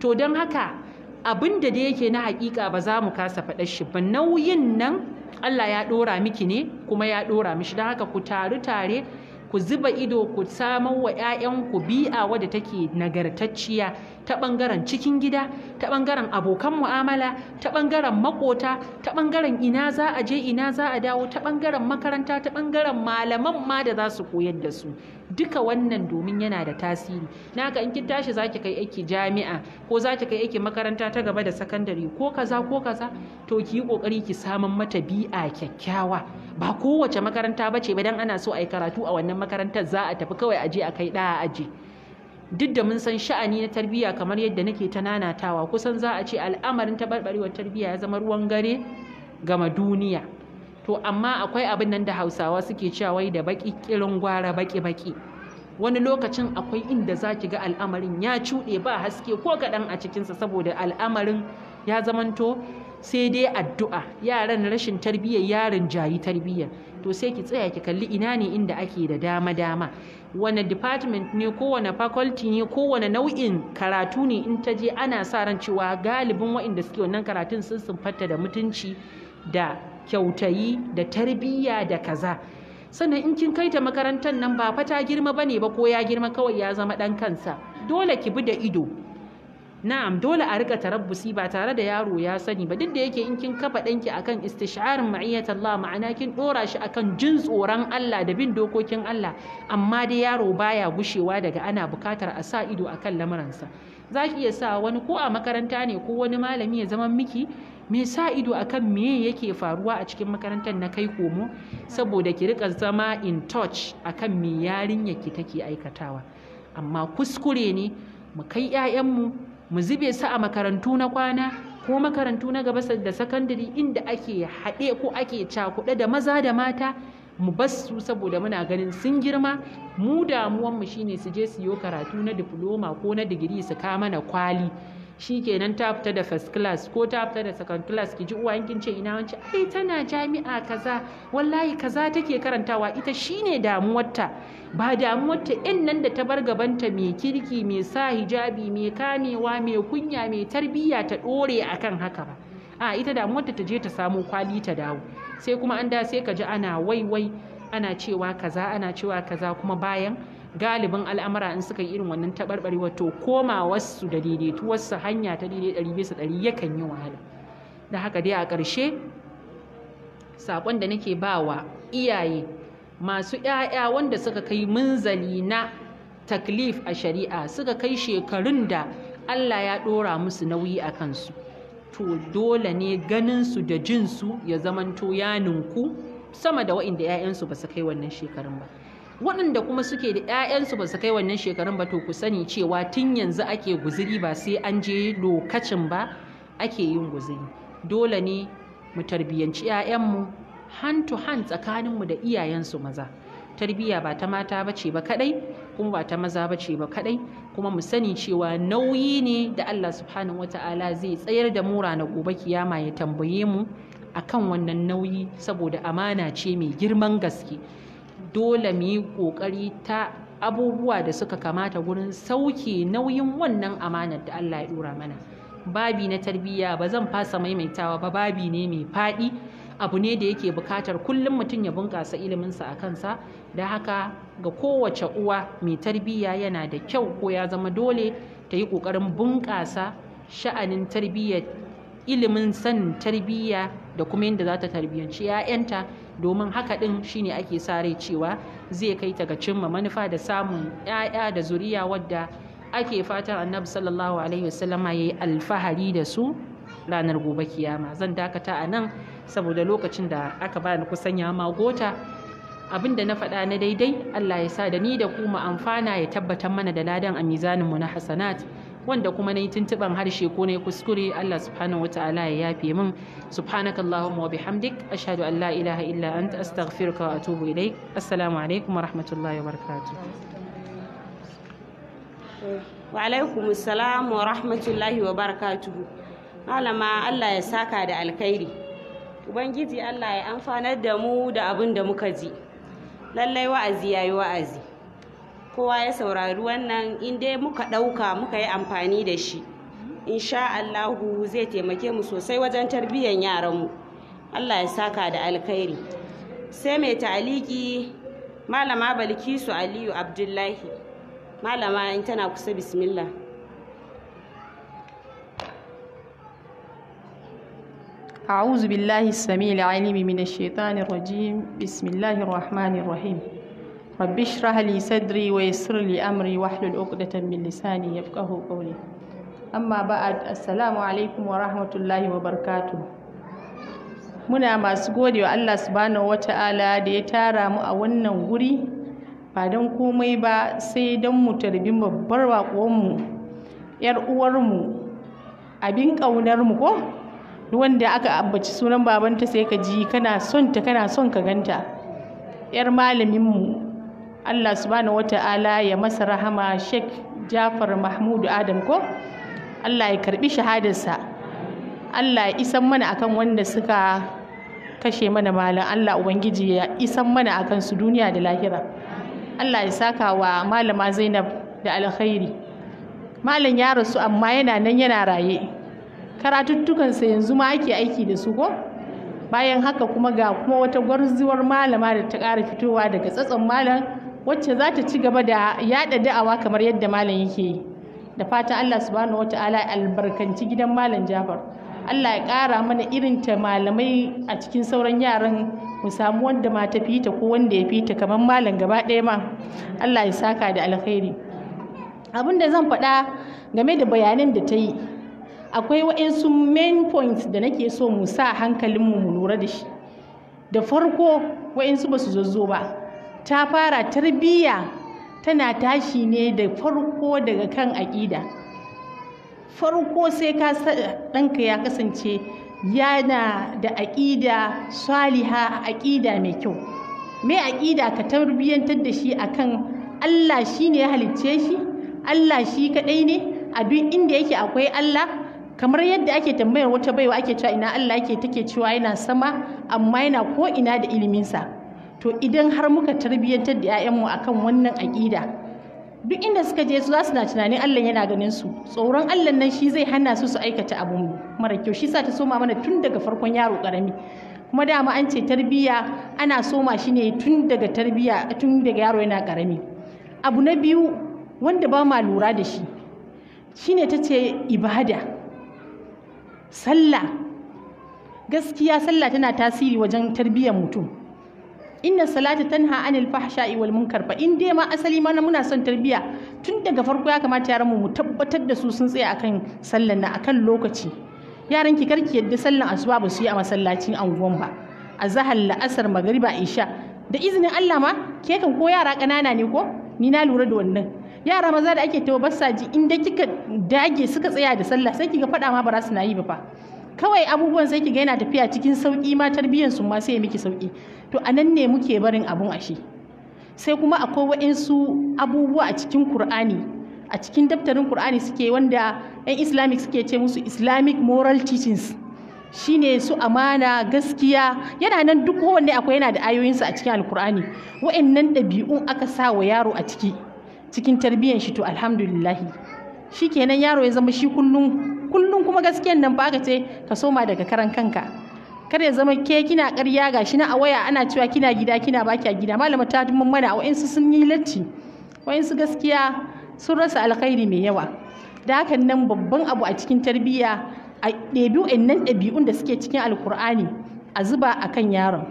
to don haka abin da dai yake na haƙiƙa ba za mu kasa faɗar shi ba nauyin nan Allah ya ɗora miki ne kuma ya ɗora mishi don haka ku taru tare ku zuba ido ku samar wa 'ya'yanku bi'a wadda take nagartacciya ta ɓangaren cikin gida ta ɓangaren abokan mu'amala ta ɓangaren makota ta ɓangaren ina za a je ina za a dawo ta ɓangaren makaranta ta ɓangaren malaman ma da za su koyar da su duka wannan domin yana da tasiri na ga in kin tashi zaki kai aiki jami'a ko za kai aiki makaranta ta gaba da sakandare ko kaza ko kaza to ki yi ƙoƙari ki samun mata bi'a kyakkyawa ba kowace makaranta ba ce ba dan ana so a yi karatu a wannan makarantar za a tafi kawai a je a kai ɗaya aji. duk da mun san sha'ani na tarbiyya kamar yadda nake ta nanatawa kusan za a ce al'amarin taɓarɓarewar tarbiyya ya zama ruwan gare gama duniya to amma akwai abin nan da hausawa suke cewa wai da baƙi kirin gwara baƙi-baƙi wani lokacin akwai inda za ki ga al'amarin ya cuɗe ba haske ko kaɗan a cikinsa saboda al'amarin ya zamanto sai dai addu'a yaran rashin tarbiyyar yaron jayi tarbiyyar to sai ki tsaya ki kalli ina ne inda ake da dama dama wane department ne kowane faculty ne kowane nau'in karatu ne in ta je ana sa ran cewa galibin waɗanda suke wannan karatun sun sumfata da mutunci da kyautayi da tarbiyya da kaza sannan in kin kai ta makarantar nan ba fata girma bane ba ko ya girma kawai ya zama ɗan kansa dole ki bi da ido na'am dole a rika tarabbusi ba tare da yaro ya sani ba duk da yake in kin kafa danki akan istisharin ma'iyyat Allah ma'ana kin dora shi akan jin tsoron Allah da bin dokokin Allah amma dai yaro baya gushewa daga ana bukatar a sa ido akan lamuransa za ki iya sa wani ko a makaranta ne ko wani malami ya zama miki me sa ido akan me yake faruwa a cikin makarantar na kai komo saboda ki rika zama in touch akan me yarinyar ki take aikatawa amma kuskure ne mu kai 'ya'yanmu mu zube su a makarantu na kwana ko makarantu na gaba da sakandare inda ake haɗe ko ake cakuɗe da maza da mata mu bas su saboda muna ganin sun girma mu damuwanmu shine su je su yi karatu na diploma ko na digiri su kama na kwali shi kenan ta fita da first class ko ta fita da second class ki ji uwa kin ce ina wance ai tana jami'a kaza wallahi kaza take karantawa ita shine damuwarta ba damuwarta in nan da ta bar gabanta mai kirki mai sa hijabi mai kamewa mai kunya mai tarbiyya ta dore akan haka ba a ita damuwarta ta je ta samu kwali ta dawo sai kuma an da sai ka ji ana waiwai ana cewa kaza ana cewa kaza kuma bayan galibin al'amura in suka yi irin wannan taɓarɓarewa to komawarsu da daidaituwarsu hanya ta daidai ɗari bisa ɗari yakan yi wahala da haka dai a ƙarshe saƙon da nake ba wa iyaye masu ‘ya'ya wanda suka kai munzali na taklif a shari'a suka kai shekarun da Allah ya ɗora musu nauyi a kansu to dole ne ganinsu da jinsu ya zamanto ya ninku sama da waɗanda ‘ya'yansu ba su kai wannan shekarun ba. waɗanda kuma suke da 'ya'yansu ba su kai wannan shekarun ba to ku sani cewa tun yanzu ake guziri ba sai an je lokacin ba ake yin guziri dole ne mu tarbiyyanci 'ya'yanmu hand to hand tsakaninmu da iyayensu maza tarbiyya ba ta mata ba ce ba kadai kuma ba ta maza ba ce ba kadai kuma mu sani cewa nauyi ne da Allah subhanahu wata'ala zai tsayar da mura na gobe kiyama ya tambaye mu akan wannan nauyi saboda amana ce mai girman gaske dole mu yi ƙoƙari ta abubuwa da suka kamata gurin sauke nauyin wannan amanar da Allah ya ɗora mana babi na tarbiyya ba zan fasa maimaitawa ba babi ne mai faɗi abu ne da yake bukatar kullum mutum ya bunƙasa iliminsa a kansa da haka ga kowace uwa mai tarbiyya yana da kyau ko ya zama dole ta yi ƙoƙarin bunƙasa sha'anin tarbiyyar ilimin sanin tarbiyya da kuma yadda za ta tarbiyyanci 'ya'yanta domin haka ɗin shine ake sa rai cewa zai kai ta ga cimma manufa da samun 'ya'ya da zuriya wadda ake fatan annabi sallallahu alaihi wasallama ya yi alfahari da su ranar gobe kiyama zan dakata a nan saboda lokacin da aka ba ni kusan ya gota. abin da na faɗa na daidai Allah ya sa da ni da kuma amfana ya tabbatar mana da ladan a mizaninmu na hasanat wanda kuma na yi tuntuɓan harshe ko na yi kuskure Allah subhanahu wa ya yafe min subhanakallahumma wa bihamdik ashhadu an la ilaha illa anta astaghfiruka wa atubu ilaik assalamu alaikum wa rahmatullahi wa barakatuh wa alaikum assalam wa rahmatullahi wa barakatuh malama Allah ya saka da alkhairi ubangiji Allah ya amfanar da mu da abin da muka ji lallai wa'azi yayi wa'azi kowa ya saurari wannan inda muka ɗauka muka yi amfani da shi insha Allahu zai taimake mu sosai wajen tarbiyyar yaranmu Allah ya saka da alkhairi sai mai ta'aliki malama balkisu aliyu abdullahi malama in tana kusa bismillah أعوذ بالله السميع العليم من الشيطان الرجيم بسم الله الرحمن الرحيم rabbi shirahali sadri wa yassir amri wahlul uqdatan min lisani yafqahu qawli amma ba'ad assalamu alaikum wa rahmatullahi wa barkatu. muna masu gode wa Allah subhanahu wata'ala da ya tara mu a wannan guri ba don komai ba sai don mu tarbi babbar waƙonmu yar uwarmu abin ƙaunarmu ko wanda aka ambaci sunan babanta sai ka ji kana son ta kana son ka ganta yar malaminmu Allah subhanahu wata'ala ya masa rahama Sheikh Jafar Mahmudu Adam ko Allah ya karbi shahadarsa Allah ya isan mana akan wanda suka kashe mana malam Allah ubangiji ya isan mana akan su duniya da lahira Allah ya saka wa malama Zainab da alkhairi malam ya rasu amma yana nan yana raye karatuttukansa yanzu ma ake aiki da su ko bayan haka kuma ga kuma wata gwarzuwar malama da ta ƙara fitowa daga tsatson malam wacce za ta ci gaba da yada da'awa kamar yadda malam yake yi da fatan Allah subhanahu wata'ala albarkanci gidan malam Jafar Allah ya kara mana irin ta malamai a cikin sauran yaran mu samu wanda ma ta fita ko wanda ya fita kamar malam gaba ɗaya ma Allah ya saka da alkhairi abin da zan faɗa game da bayanan da ta yi akwai waɗansu main points da nake so mu sa hankalinmu mu lura da shi da farko waɗansu ba su zozzo ba ta fara tarbiyya tana tashi ne da farko daga kan aƙida farko sai ka ɗanka ya kasance yana da aƙida saliha aƙida mai kyau mai aƙida ka tarbiyyantar da shi a kan Allah shi ne ya halicce shi Allah shi kaɗai ne a duk inda yake akwai Allah kamar yadda ake tambayar wata baiwa ake cewa ina Allah yake take cewa yana sama amma yana ko ina da iliminsa to idan har muka tarbiyyantar da 'ya'yanmu a kan wannan aƙida duk inda suka je su za su na tunanin Allah yana ganin su tsoron Allah nan shi zai hana su su aikata abu mara kyau shi sa ta soma mana tun daga farkon yaro karami kuma dama an ce tarbiyya ana soma shi ne tun daga tarbiyya tun daga yaro yana karami abu na biyu wanda ba ma lura da shi shine ta ce ibada sallah gaskiya sallah tana tasiri wajen tarbiyyar mutum inna Salatu, tanha anil fahsha'i wal munkar fa in dai ma asali ma muna son tarbiya tun daga farko ya kamata yaran mu tabbatar da su sun tsaya akan sallan na akan lokaci yaran ki karki yadda sallan asuba ba su yi a masallacin anguwan ba azhar la'asar magriba isha da izinin Allah ma ke kan ko yara kanana ne ko ni na lura da wannan yara maza da ake tawo ji in da kika dage suka tsaya da sallah sai kiga fada ma ba za su na yi ba fa kawai abubuwan sai kiga yana tafiya cikin sauki ma tarbiyyar su ma sai ya miki sauki to a nan ne muke barin abun ashe sai kuma akwai waɗansu abubuwa a cikin Kur'ani a cikin daftarin Kur'ani suke wanda 'yan Islamic suke ce musu Islamic moral teachings shine su amana gaskiya yana nan duk kowanne akwai yana da ayoyinsa a cikin alkur'ani wa'annan ɗabi'un aka sa wa yaro a ciki cikin tarbiyyar shi to alhamdulillahi kenan yaro ya zama shi kullum kullum kuma gaskiyan nan ba ka ce ka soma daga karan kanka kada ya zama ke kina ƙarya shi na a waya ana cewa kina gida kina baki gida malama ta dumin mana a wa'insu sun yi latti wa'insu gaskiya sun rasa alkhairi mai yawa da hakan nan babban abu a cikin tarbiyya a ɗabi'u nan ɗabi'un da suke cikin alkur'ani a zuba a kan yaron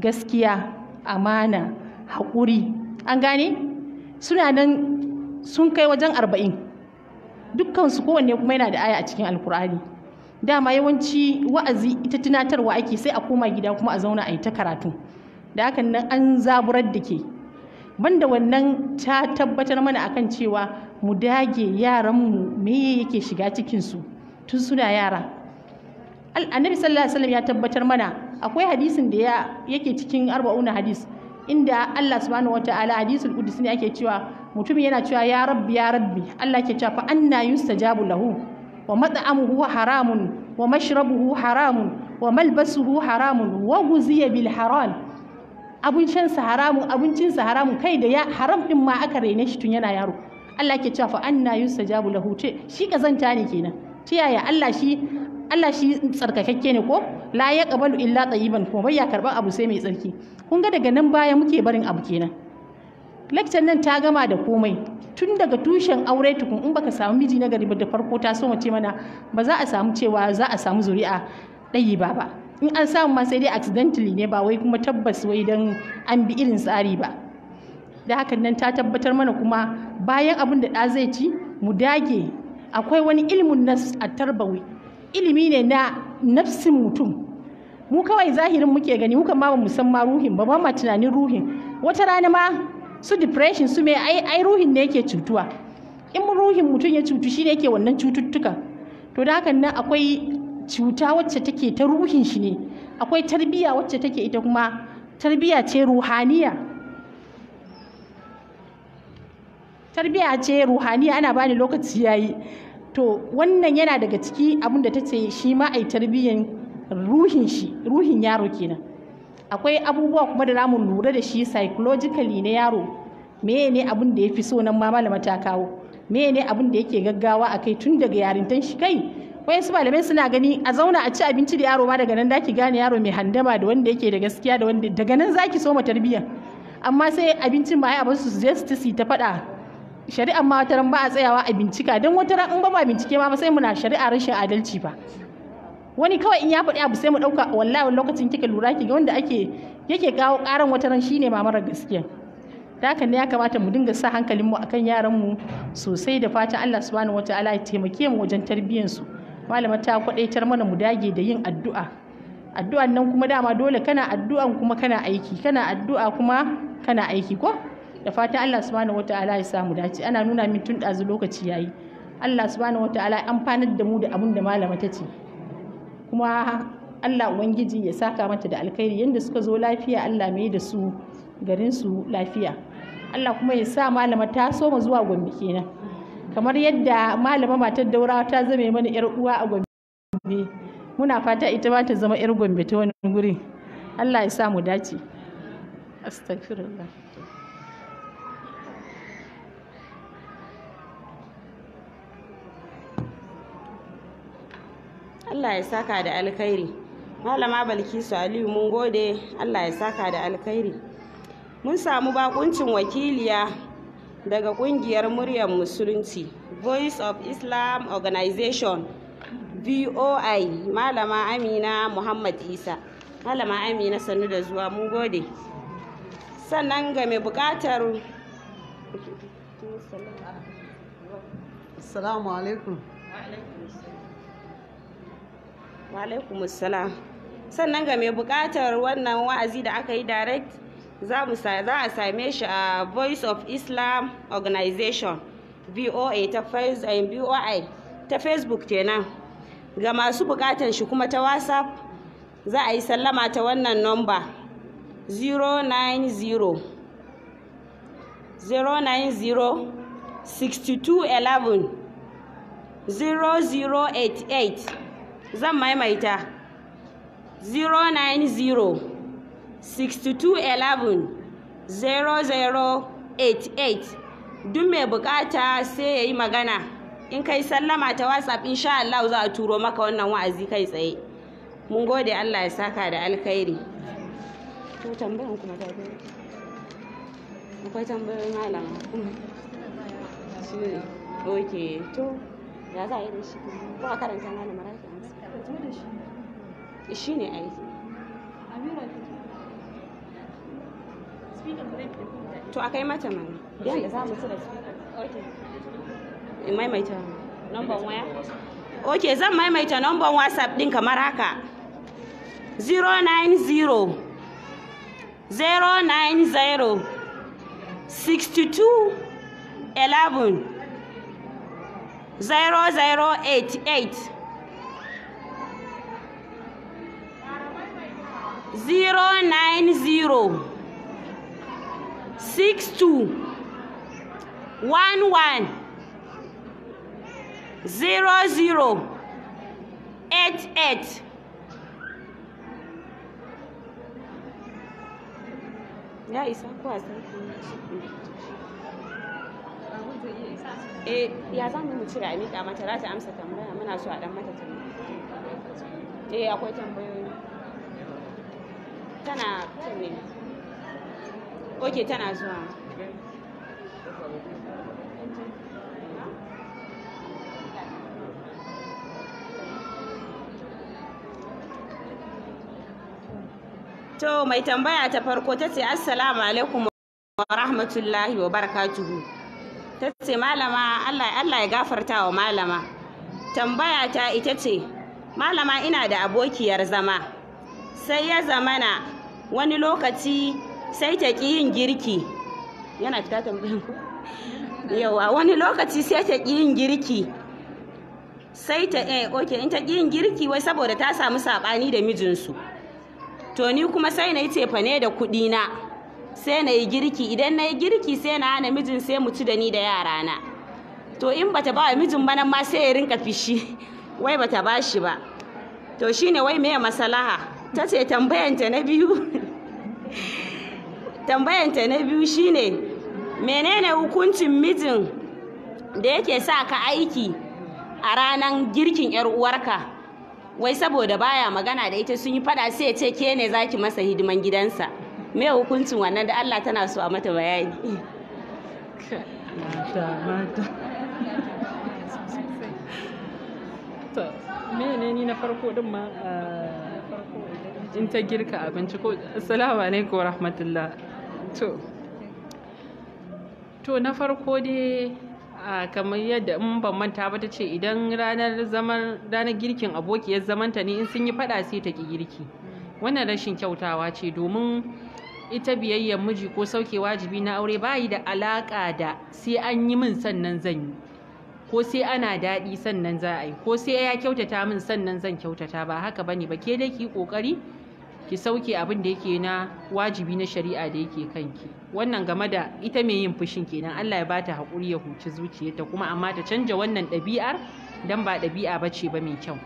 gaskiya amana haƙuri an gane suna nan sun kai wajen arba'in dukkansu kowanne kuma yana da aya a cikin alkur'ani dama yawanci wa'azi ita tunatarwa ake sai a koma gida kuma a zauna a yi ta karatu da hakan nan an zaburar da ke banda wannan ta tabbatar mana akan cewa mu dage yaranmu me yake shiga cikinsu tun suna yara annabi sallallahu alaihi wasallam ya tabbatar mana akwai hadisin da ya yake cikin arba'una hadis inda Allah subhanahu wataala hadisul qudsi ne ake cewa mutum yana cewa ya rabbi ya rabbi Allah ke cewa fa anna yustajabu lahu wa mat'amuhu haramun wa mashrabuhu haramun wa malbasuhu haramun wa guziya bil haram sa haramun haramun kai da ya haram din ma aka raine shi tun yana yaro Allah ke cewa fa anna yusajabu lahu te shi kazanta ne kenan ta yaya Allah shi Allah shi tsarkakakke ne ko la yaqbalu illa tayyiban kuma bai ya karba abu sai mai tsarki kun ga daga nan baya muke barin abu kenan lecture nan ta gama da komai tun daga tushen aure tukun in baka samu miji na gari da farko ta so mace mana ba za a samu cewa za a samu zuri'a ɗayi ba ba in an samu ma sai dai accidentally ne ba wai kuma tabbas wai dan an bi irin tsari ba da hakan nan ta tabbatar mana kuma bayan abin da ɗa zai ci mu dage akwai wani ilimin nas a tarbawi ilimi ne na nafsin mutum mu kawai zahirin muke gani muka ma ba mu san ma ruhin ba ba ma tunanin ruhin wata rana ma su depression su mai ai ruhin ne yake cutuwa in ruhin mutum ya cutu shi ne yake wannan cututtuka to da hakan nan akwai cuta wacce take ta ruhin shi ne akwai tarbiya wacce take ita kuma tarbiya ce ruhaniya tarbiya ce ruhaniya ana bani lokaci yayi to wannan yana daga ciki abin da ta ce shi ma ai ruhin shi ruhin yaro kenan akwai abubuwa kuma da zamu lura da shi psychologically na yaro meye ne abin da ya fi so nan ma malama ta kawo meye ne abin da yake gaggawa a kai tun daga yarintan shi kai su malamai suna gani a zauna a ci abinci da yaro ma daga nan daki gane yaro mai handama da wanda yake da gaskiya da wanda daga nan zaki so ma tarbiyyar amma sai abincin ba ai abin su je su ta fada shari'ar ma wata ba a tsayawa a bincika don wata ran ba ma bincike ba sai muna shari'a rashin adalci ba wani kawai in ya faɗi abu sai mu ɗauka wallahi wani lokacin kika lura ki ga wanda ake yake kawo ƙaran wata ran shine mamarar gaskiya da haka ne ya kamata mu dinga sa hankalinmu akan yaranmu sosai da fatan Allah subhanahu wataala ya taimake mu wajen tarbiyyarsu malama ta kwadaitar mana mu dage da yin addu'a addu'an nan kuma dama dole kana addu'an kuma kana aiki kana addu'a kuma kana aiki ko da fatan Allah subhanahu wataala ya samu dace ana nuna min tun ɗazu lokaci yayi Allah subhanahu wataala ya amfanar da mu da abin da malama ta ce kuma Allah Ubangiji ya saka mata da alkhairi yadda suka zo lafiya Allah mai da su garin su lafiya Allah kuma ya sa malama ta soma zuwa Gombe kenan kamar yadda malama matar daura ta zame mana yar uwa a Gombe muna fata ita ma ta zama yar Gombe ta wani guri Allah ya sa mu dace astaghfirullah Allah ya saka da alkhairi malama balkisu aliyu mun gode Allah ya saka da alkhairi mun samu bakuncin wakiliya daga kungiyar muryar musulunci voice of islam organization voi malama amina muhammad isa malama amina sannu da zuwa mun gode sannan ga mai bukatar assalamu alaikum Walaikum salam. Sannan ga mai bukatar wannan wa'azi da aka yi direct za a same shi a Voice of Islam Organization VOA ta BOI eh, ta Facebook kenan. Ga masu buƙatar shi kuma ta WhatsApp za a yi sallama ta wannan nomba 090 090 0088 zan maimaita 090 6211 0088 duk mai bukata sai ya yi magana in kai sallama ta whatsapp insha Allah za a turo maka wannan wa'azi kai tsaye mun gode Allah ya saka da alkhairi to akwai tambayoyin malama kuma shi to ya za a yi da shi ko a karanta malama rafi zo da shi eh, shi ne ai amira to akai mata mana ya da za mu tura okay maimaita number waya zan maimaita number whatsapp din kamar haka 090 090 62 11 0088 zero nine zero six two one one zero zero eight eight eh ya mu mata za ta amsa tambaya muna so a dan mata tambaya eh akwai tambayoyi tana ok tana zuwa to mai tambaya ta farko ta ce assalamu alaikum wa rahmatullahi wa barakatuhu ta ce malama allah ya gafarta wa malama tambaya ta ita ce malama ina da abokiyar zama sai ya zamana wani lokaci sai ta ƙi yin girki yana fita tambayan ku yawa wani lokaci sai ta ƙi yin girki sai ta eh oke in ta ƙi yin girki wai saboda ta samu saɓani da mijinsu to ni kuma sai na yi cefane da kuɗi na sai na yi girki idan na yi girki sai na hana mijin sai mu ci da ni da yara na to in bata ba mijin ba nan ma sai ya rinka fishi wai bata ba shi ba to shine wai me masalaha ta ce tambayanta na biyu tambayanta na biyu shine menene hukuncin mijin da yake sa ka aiki a ranar girkin 'yar uwarka wai saboda baya magana da ita sun yi fada sai ya ce ke ne zaki masa hidiman gidansa me hukuncin wannan da Allah tana so a mata bayani mata ni na farko din ma ah, in ta girka abinci ko assalamu alaikum rahmatullah to na farko dai a kamar yadda in ban manta ba ta ce idan ranar zaman ranar girkin abokiyar zamanta ne in sun yi fada sai ta ki girki wannan rashin kyautawa ce domin ita biyayyar miji ko sauke wajibi na aure bayi da alaka da sai an yi min sannan zan yi ko sai ana daɗi sannan za a yi ko sai ya kyautata min sannan zan kyautata ba haka bane ba ke da ki kokari ki sauke abin da yake na wajibi na shari'a da yake kanki wannan game da ita mai yin fushin kenan Allah ya ba ta haƙuri ya huci zuciyarta kuma amma ta canja wannan ɗabi'ar dan ba ɗabi'a ba ce ba mai kyau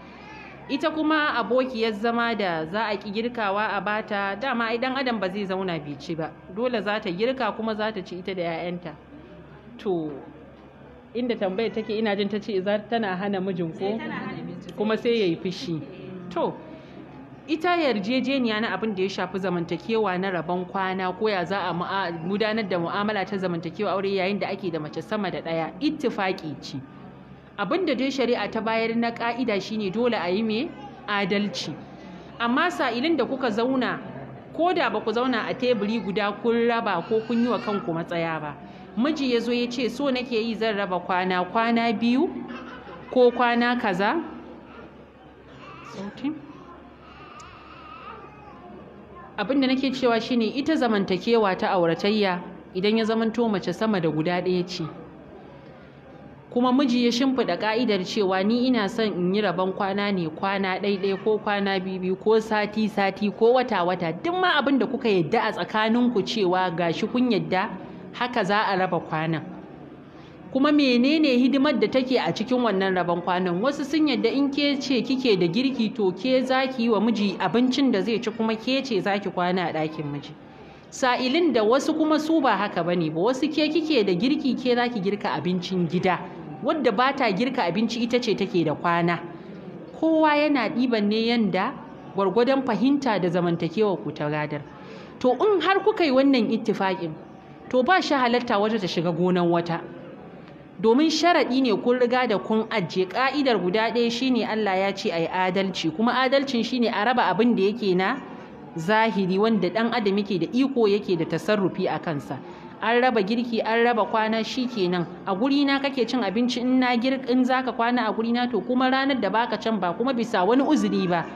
ita kuma abokiyar zama da za a ki girkawa a bata dama ai dan adam ba zai zauna bai ci ba dole za ta girka kuma za ta ci ita da 'ya'yanta to inda tambayar take ina jin ta ce tana hana mijin ko eh, kuma sai yayi yi fushi to ita yarjejeniya na abin da ya shafi zamantakewa na rabon kwana ko ya za a gudanar da mu'amala ta zamantakewa aure yayin da ake da mace sama da ɗaya ittifaki ce abin da dai shari'a ta bayar na ka'ida shine dole a yi me adalci amma sa'ilin da kuka zauna ko da ba ku zauna a teburi guda kun raba ko kun yi wa kanku matsaya ba miji ya zo ya ce so nake yi zan raba kwana kwana biyu ko kwana kaza abin da nake cewa shine ita zamantakewa ta auratayya idan ya zamanto mace sama da guda ɗaya ce kuma miji ya shimfiɗa ƙa'idar cewa ni ina son in yi rabon kwana ne kwana ɗaiɗai ko kwana bibi ko sati sati ko wata wata duk ma abin da kuka yadda a tsakaninku cewa gashi kun yadda haka za a raba kwanan kuma menene hidimar da take a cikin wannan rabon kwanan wasu sun yadda in ke ce kike da girki to ke za wa miji abincin da zai ci kuma ke ce za kwana a ɗakin miji sa'ilin da wasu kuma su ba haka ba ne ba wasu ke kike da girki ke za girka abincin gida wadda ba ta girka abinci ita ce take da kwana kowa yana ɗiban ne yanda gwargwadon fahimta da zamantakewa ku ta gadar to in har kuka yi wannan ittifaƙin to ba shi halatta wata ta shiga gonan wata domin sharaɗi ne kun riga da kun ajiye ƙa'idar guda ɗaya shine Allah ya ce a adalci kuma adalcin shine a raba abin da yake na zahiri wanda ɗan adam yake da iko yake da tasarrufi a kansa an raba girki an raba kwana shi kenan a gurina kake cin abinci in na girkin zaka kwana a guri na to kuma ranar da baka can ba kuma bisa wani uzuri ba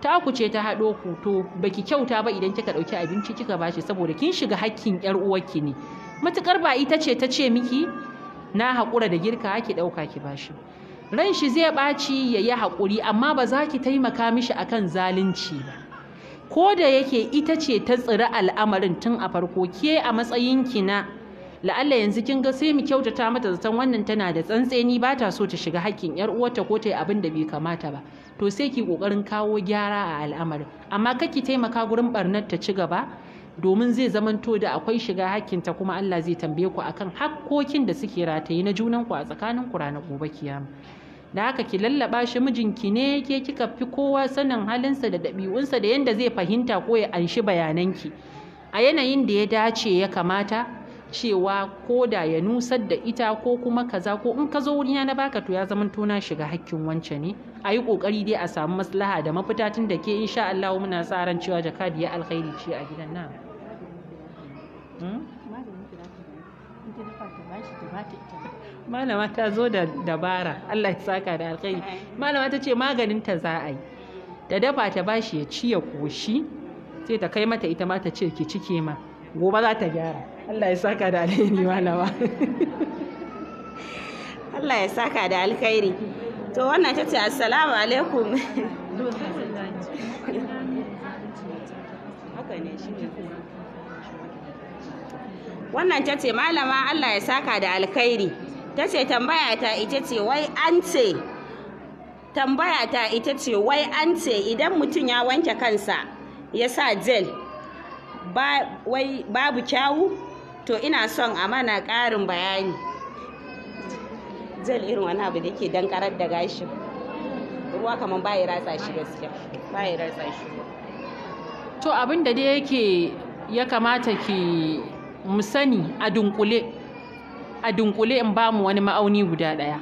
ta ku ce ta haɗo ku to baki kyauta ba idan kika ɗauki abinci kika bashi saboda kin shiga hakkin yar uwarki ne matukar ba ita ce ta ce miki na haƙura da girka ki ɗauka ki bashi ran shi zai ɓaci ya yi haƙuri amma ba za ki taimaka mishi akan zalunci ba ko da yake ita ce ta tsira al'amarin tun a farko ke a matsayin ki na la'alla yanzu kin ga sai mu kyautata mata zaton wannan tana da tsantseni ba ta so ta shiga haƙƙin yar uwarta ko ta yi abin da bai kamata ba to sai ki ƙoƙarin kawo gyara a al'amarin amma kake taimaka gurin barnar ta ci gaba domin zai zamanto da akwai shiga hakkinta kuma Allah zai tambaye ku akan hakkokin da suke rataye na junanku a tsakanin ku ranar gobe kiyama da haka ki lallaba shi mijinki ne ke kika fi kowa sanin halinsa da ɗabi'unsa da yadda zai fahimta ko ya anshi bayananki a yanayin da ya dace ya kamata cewa ko da ya nusar da ita ko kuma kaza ko in ka zo wurina na baka to ya zaman tona shiga hakkin wance ne a yi ƙoƙari dai a samu maslaha da mafita tun da ke insha Allah muna tsaran cewa ya alkhairi ce a gidan nan. Hmm? malama ta zo da dabara Allah ya saka da alkhairi malama ta ce maganin ta za a yi ta dafa ta bashi ya ci ya koshi sai ta kai mata ita ma ta ce ki cike ma gobe za ta gyara Allah ya saka da alkhairi malama Allah ya saka da alkhairi to wannan ta ce assalamu alaikum haka ne shi ne wannan ta ce malama allah ya saka da alkhairi ta ce tambaya ta ita ce wai an ce tambaya ta ita ce wai an ce idan mutum ya wanke kansa ya sa gel ba, wai babu kyawu to ina son a mana ƙarin bayani gel irin wani abu da ke dan karar da gashi, ruwa kamar bayi ratsa shi gaskiya bayi ratsa shi to abin da dai yake ya kamata ki mu sani a dunkule a dunkule in ba mu wani ma'auni guda ɗaya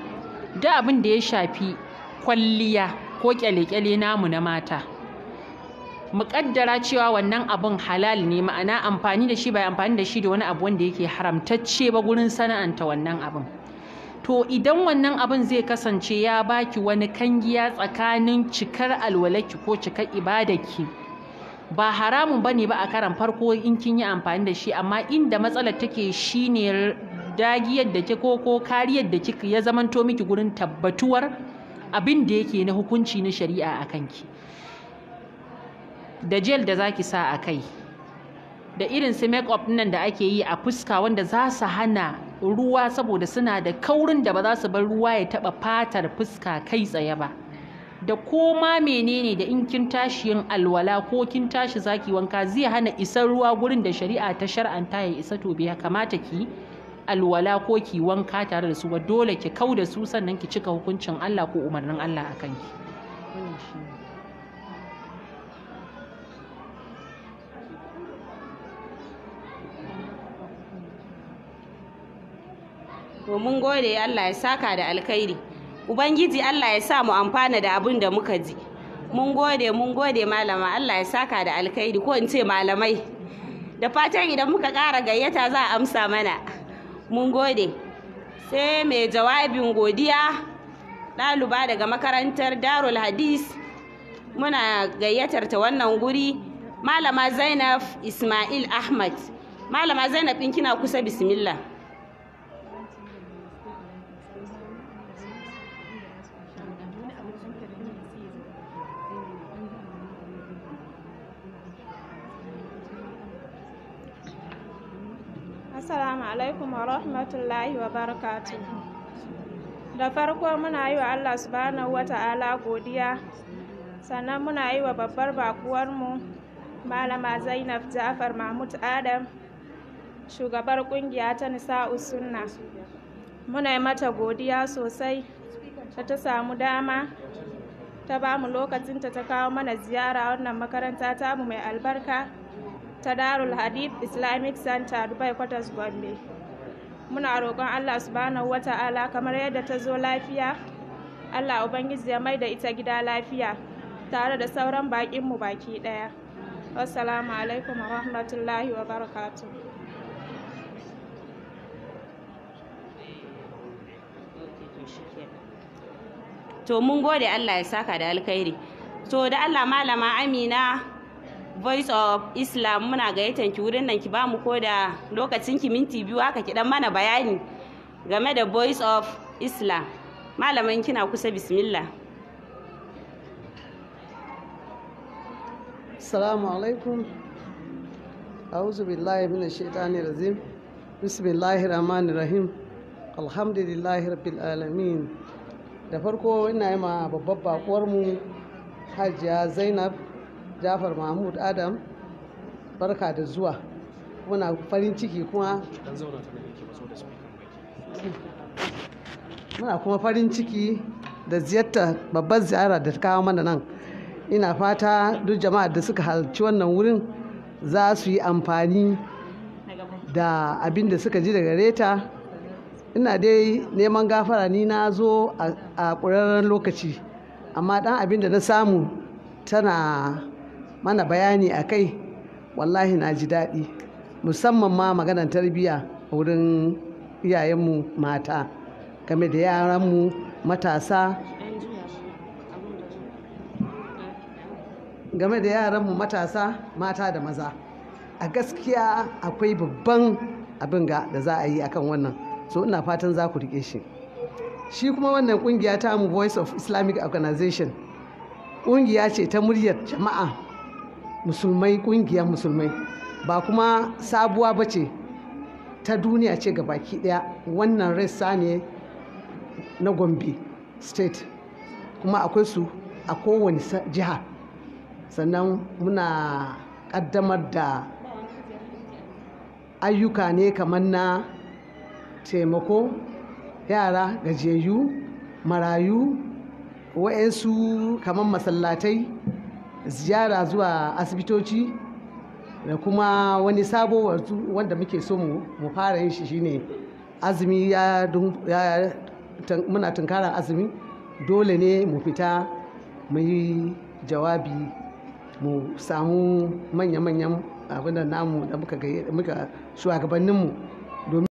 da abin da ya shafi kwalliya ko kyale-kyale namu na mata mu kaddara cewa wannan abin halal ne ma'ana amfani da shi ba amfani da shi da wani abu wanda yake haramtacce ba gurin sana'anta wannan abin to idan wannan abin zai kasance ya baki wani kangiya tsakanin cikar alwalaki ko cikar ibadaki ba haramun bane ba a karan farko in kin yi amfani da shi amma inda matsalar take shine dagiyar da ke ko kariyar da kika ya zamanto miki gurin tabbatuwar abin da yake na hukunci na shari'a a kanki da jel da zaki sa a kai da irin su make nan da ake yi a fuska wanda za su hana ruwa saboda suna da kaurin da ba za su bar ruwa ya taba fatar fuska kai tsaye ba da koma menene da in kin tashi yin alwala ko kin tashi zaki wanka zai hana isar ruwa gurin da shari'a ta shar'anta ya isa to bai kamata ki alwala ko ki wanka tare da su ba dole ki kau da su sannan ki cika hukuncin Allah ko umarnin Allah kan ki To mun gode Allah ya saka da alkhairi. ubangiji allah ya sa mu amfana da abin da muka ji mun gode mun gode malama allah ya saka da alkhairi ko in ce malamai da fatan idan muka ƙara gayyata za a amsa mana mun gode sai mai jawabin godiya ɗaluba daga makarantar darul hadis muna gayyatar ta wannan guri malama zainab ismail ahmad malama zainab in kina kusa bismillah Assalamu alaikum wa rahmatullahi wa barakatu Da farko muna yi wa Allah subhanahu wa ta'ala godiya, sannan muna yi wa babbar mu. Malama Zainab Ja'far Mahmud Adam, shugabar kungiya ta nisa Sunna. Muna yi mata godiya sosai da ta samu dama ta ba mu lokacinta ta kawo mana ziyara wannan makaranta tamu mai albarka. ta darul hadith islamic center dubai kwatas gombe muna roƙon allah subhanahu wa ta'ala kamar yadda ta zo lafiya allah ubangiji ya mai da ita gida lafiya tare da sauran baƙinmu baki ɗaya wassalamu alaikum wa rahmatullahi wa barakatu to mun gode allah ya saka da alkhairi to da allah malama amina voice of islam muna gayyatar ki wurin nan ki ba mu koda lokacin ki minti biyu haka ki dan mana bayani game da voice of islam malamin kina kusa bismillah assalamu alaikum a'udhu billahi minash shaitani rajim bismillahir rahmanir rahim alhamdulillahi rabbil alamin da farko ina yi ma babbar bakuwar mu hajiya zainab jafar mahmud adam barka da zuwa muna farin ciki kuma muna kuma farin ciki da ziyarta babbar ziyara da ta kawo mana nan ina fata duk jama'a da suka halarci wannan wurin za su yi amfani da abin da suka ji daga reta ina dai neman gafara ni na zo a ƙurarren lokaci amma ɗan abin da na samu tana mana bayani a kai wallahi na ji daɗi musamman ma maganar tarbiyya a wurin iyayenmu mata game da yaranmu matasa game da yaranmu matasa mata da maza a gaskiya akwai babban abin ga da za a yi akan wannan so ina fatan za ku rike shi shi kuma wannan kungiya ta mu voice of islamic organization kungiya ce ta muryar jama'a musulmai kungiyar musulmai ba kuma sabuwa ba ce ta duniya ce ga baki ɗaya wannan rassa ne na gombe state kuma akwai su a kowane jiha sannan muna ƙaddamar da ayyuka ne kamar na taimako yara gajiyayyu marayu wa'yansu kamar masallatai ziyara zuwa asibitoci da kuma wani sabo wanda muke so mu fara yin shi shine azumi ya muna tunkarar azumi dole ne mu fita mu yi jawabi mu samu manya-manyan abin da namu da muka shugabanninmu